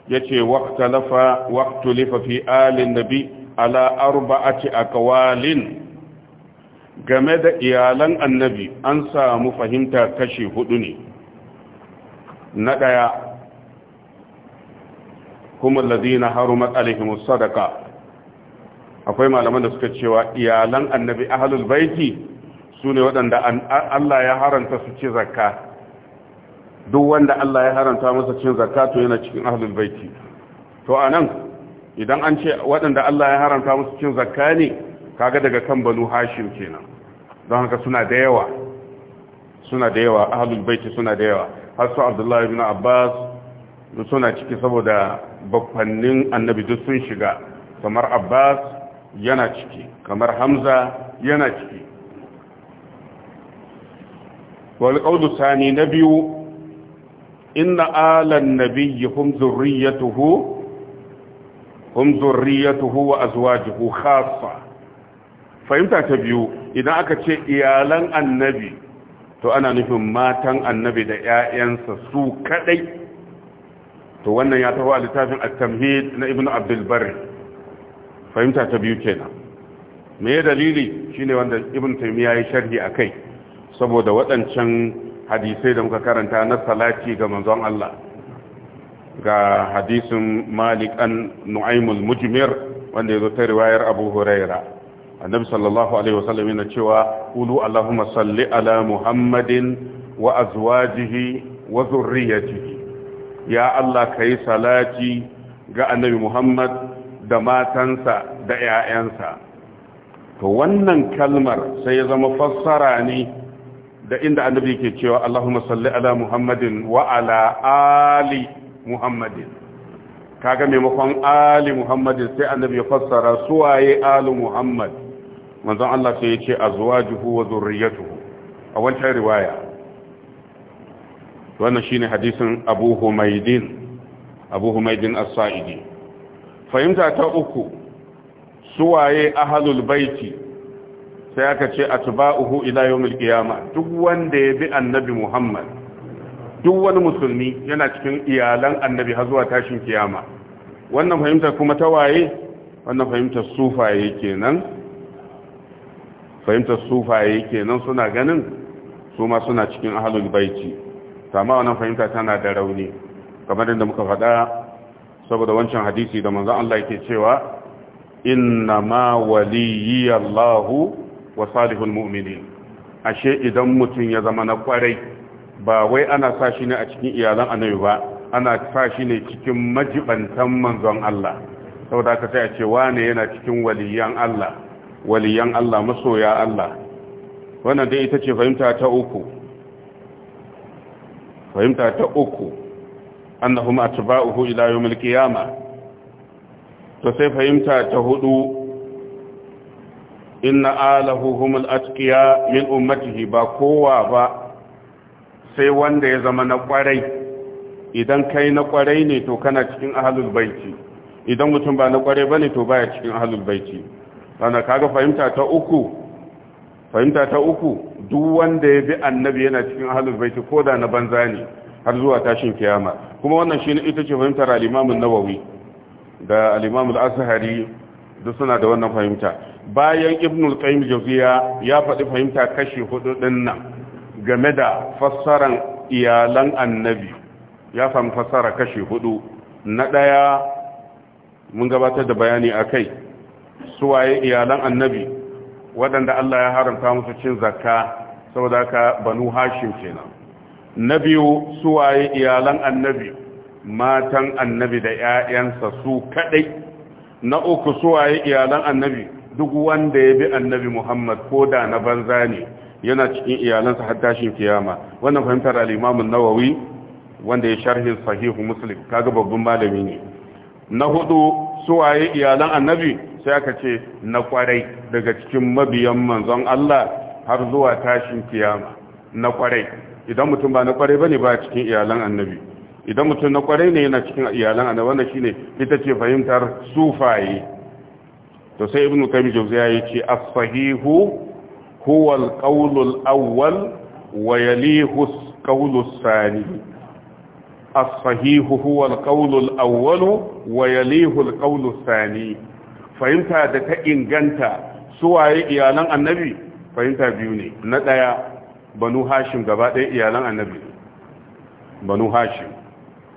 yace waqtalafa waqtulifa fi alin nabi ala arba'ati aqwalin game da iyalan annabi an samu fahimta kashi hudu ne na daya kuma ladina harumat alaihimus sadaka. akwai malaman da suka cewa iyalan annabi ahlul baiti su ne waɗanda Allah ya haranta su ci zakka duk wanda Allah ya haranta masa cin zakka to yana cikin ahlul baiti to anan idan an ce waɗanda Allah ya haranta musu cin zakka ne kaga daga kan banu hashim kenan don haka suna da yawa suna da yawa ahlul baiti suna da yawa har su Abdullahi ibn Abbas suna ciki saboda bakwannin annabi duk sun shiga kamar Abbas yana ciki kamar Hamza yana ciki wal qawlu thani na biyu inna alan nabiyyi hum zurriyatuhu hum zurriyatuhu wa azwajuhu khassa fahimta ta biyu idan aka ce iyalan annabi to ana nufin matan annabi da ƴaƴansa su kadai to wannan ya taho a littafin at na ibnu abdul barr fahimta ta biyu kenan me dalili shine wanda ibnu taymiya ya yi sharhi a kai. saboda waɗancan hadisai da muka karanta na salati ga manzon Allah ga hadisin Malik an Nu'aymul Mujmir wanda yazo ta riwayar Abu Huraira annabi sallallahu alaihi wasallam yana cewa ulu allahumma salli ala muhammadin wa azwajihi wa zurriyyatihi ya Allah kai salati ga annabi Muhammad da matansa da 'ya'yansa to wannan kalmar sai ya zama fassara ne da inda annabi ke cewa Allahumma salli ala Muhammadin wa ala ali Muhammadin kaga maimakon ali Muhammadin sai annabi ya fassara suwaye ali Muhammad manzon Allah sai yace azwajuhu wa zurriyyatuhu a wancan riwaya wannan shine hadisin Abu Humaydin Abu Humaydin As-Sa'idi fahimta ta uku suwaye ahlul baiti sai aka ce a atba'uhu ila yawmil qiyama duk wanda ya bi annabi Muhammad duk wani musulmi yana cikin iyalan annabi har zuwa tashin kiyama wannan fahimtar kuma ta waye wannan fahimtar sufaye kenan fahimtar sufaye kenan suna ganin su ma suna cikin ahlul baiti amma wannan fahimta tana da rauni kamar da muka faɗa saboda wancan hadisi da manzon Allah yake cewa inna ma waliyallahu wa salihul mu'minin ashe idan mutum ya zama na kwarai ba wai ana sa shi ne a cikin iyalan annabi ba ana sa shi ne cikin majibantan manzon Allah saboda ka sai a ce wane yana cikin waliyan Allah waliyan Allah masoya Allah wannan dai ita ce fahimta ta uku fahimta ta uku annahum atba'uhu ila yawmil qiyamah to sai fahimta ta hudu inna alahu humul atqiya min ummatihi ba kowa ba sai wanda ya zama na kwarai idan kai na kwarai ne to kana cikin ahlul baiti idan mutum ba na kwarai bane to baya cikin ahlul baiti sana kaga fahimta ta uku fahimta ta uku duk wanda ya bi annabi yana cikin ahlul baiti ko da na banza ne har zuwa tashin kiyama kuma wannan shine ita ce fahimtar al-Imam an-Nawawi da al-Imam al-Azhari duk suna da wannan fahimta bayan ibnul qayyim jawziya ya faɗi fahimta kashi hudu din nan game da fassaran iyalan annabi ya san fassara kashi hudu na daya mun gabatar da bayani akai suwaye iyalan annabi waɗanda Allah ya haramta musu cin zakka saboda haka banu hashim kenan na biyu suwaye iyalan annabi matan annabi da 'ya'yansa su kadai na uku suwaye iyalan annabi duk wanda ya bi annabi Muhammad ko da na banza ne yana cikin iyalansa har tashin kiyama wannan fahimtar al-Imam an-Nawawi wanda ya sharhin sahihu Muslim kaga babban malami ne na hudu suwaye iyalan annabi sai aka ce na kwarai daga cikin mabiyan manzon Allah har zuwa tashin kiyama na kwarai idan mutum ba na kwarai bane ba cikin iyalan annabi idan mutum na kwarai ne yana cikin iyalan annabi wannan shine ita ce fahimtar sufaye to sai ibnu ya yi ce, as-sahihu huwa al-qawl al-awwal wa yalihu al-qawl al-thani as-sahihu huwa al-qawl al-awwal wa yalihu al-qawl al-thani fahimta da ta inganta suwaye iyalan annabi fahimta biyu ne na daya banu hashim gaba ɗaya iyalan annabi banu hashim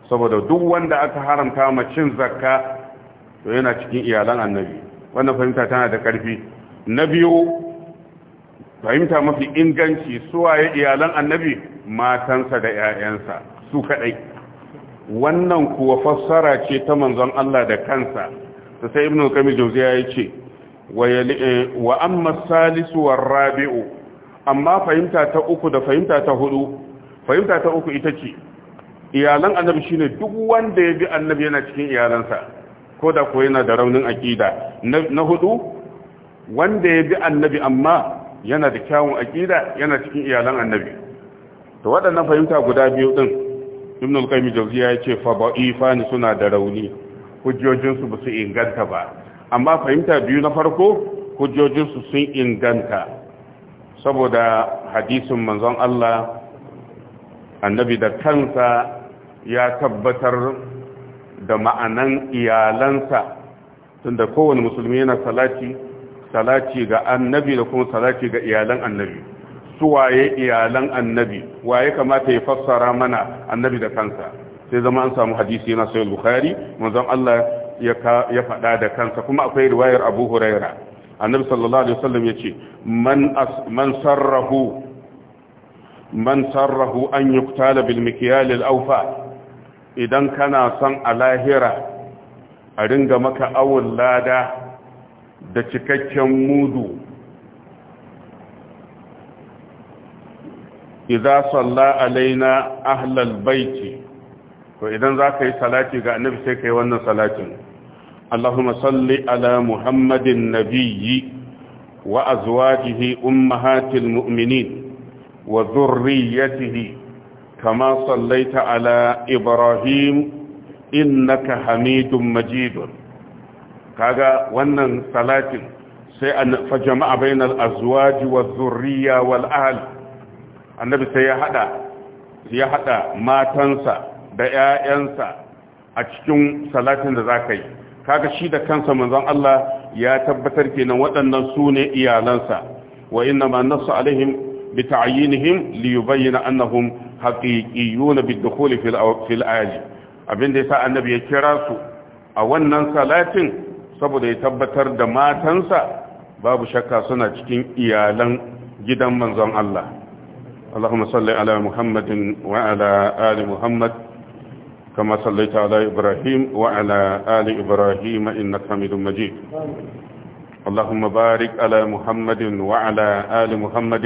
saboda duk wanda aka haramta ma cin zakka to yana cikin iyalan annabi wannan fahimta tana da ƙarfi na biyu fahimta mafi inganci suwaye iyalan annabi matansa da 'ya'yansa su kaɗai wannan kuwa fassara ce ta manzon Allah da kansa ta sai ibn al-kami jauziya ya ce wa eh, amma salisu wa rabi'u amma fahimta ta uku da fahimta ta hudu fahimta ta uku ita ce iyalan annabi shine duk wanda ya bi annabi yana cikin iyalansa ko da ko yana da raunin aƙida na hudu wanda ya bi annabi amma yana da kyawun aƙida yana cikin iyalan annabi to waɗannan fahimta guda biyu din ibn al-qayyim jawziya yace fa ba'ifani suna da rauni hujjojin su basu inganta ba amma fahimta biyu na farko hujjojin su sun inganta saboda hadisin manzon Allah annabi da kansa ya tabbatar da ma'anan iyalansa da kowane musulmi yana salati salati ga annabi da kuma salati ga iyalan annabi su waye iyalan annabi waye kamata ya fassara mana annabi da kansa sai zama an samu hadisi na sayar bukhari manzon Allah ya faɗa da kansa kuma akwai riwayar abu huraira annabi sallallahu alaihi wasallam yace man man sarrahu man sarrahu an yuqtala bil mikyal al awfa idan kana son a lahira a ringa maka awon lada da cikakken mudu idza salla alaina ahlal baiti to idan zaka yi salati ga annabi sai yi wannan salatin Allahumma salli ala Muhammadin nabiyyi wa azwajihi ummahatil mu'minin wa dhurriyyatihi كما صليت على إبراهيم إنك حميد مجيد كاغا wannan salatin sai an fa jama'a bainal azwaj wa dhurriya wal ahl annabi sai ya hada ya matansa da ƴaƴansa a cikin salatin da za ka yi kaga shi da kansa manzon Allah ya tabbatar kenan waɗannan su ne iyalansa wa inna ma nasu alaihim bi ta'yinihim li yubayyana annahum haqiqiyuna bidukhuli fil fil ali abinda yasa annabi ya kira su a wannan salatin saboda ya tabbatar da matansa babu shakka suna cikin iyalan gidan manzon Allah Allahumma salli ala Muhammadin wa ala ali Muhammad كما صليت على إبراهيم وعلى آل إبراهيم إنك حميد مجيد اللهم بارك على محمد وعلى آل محمد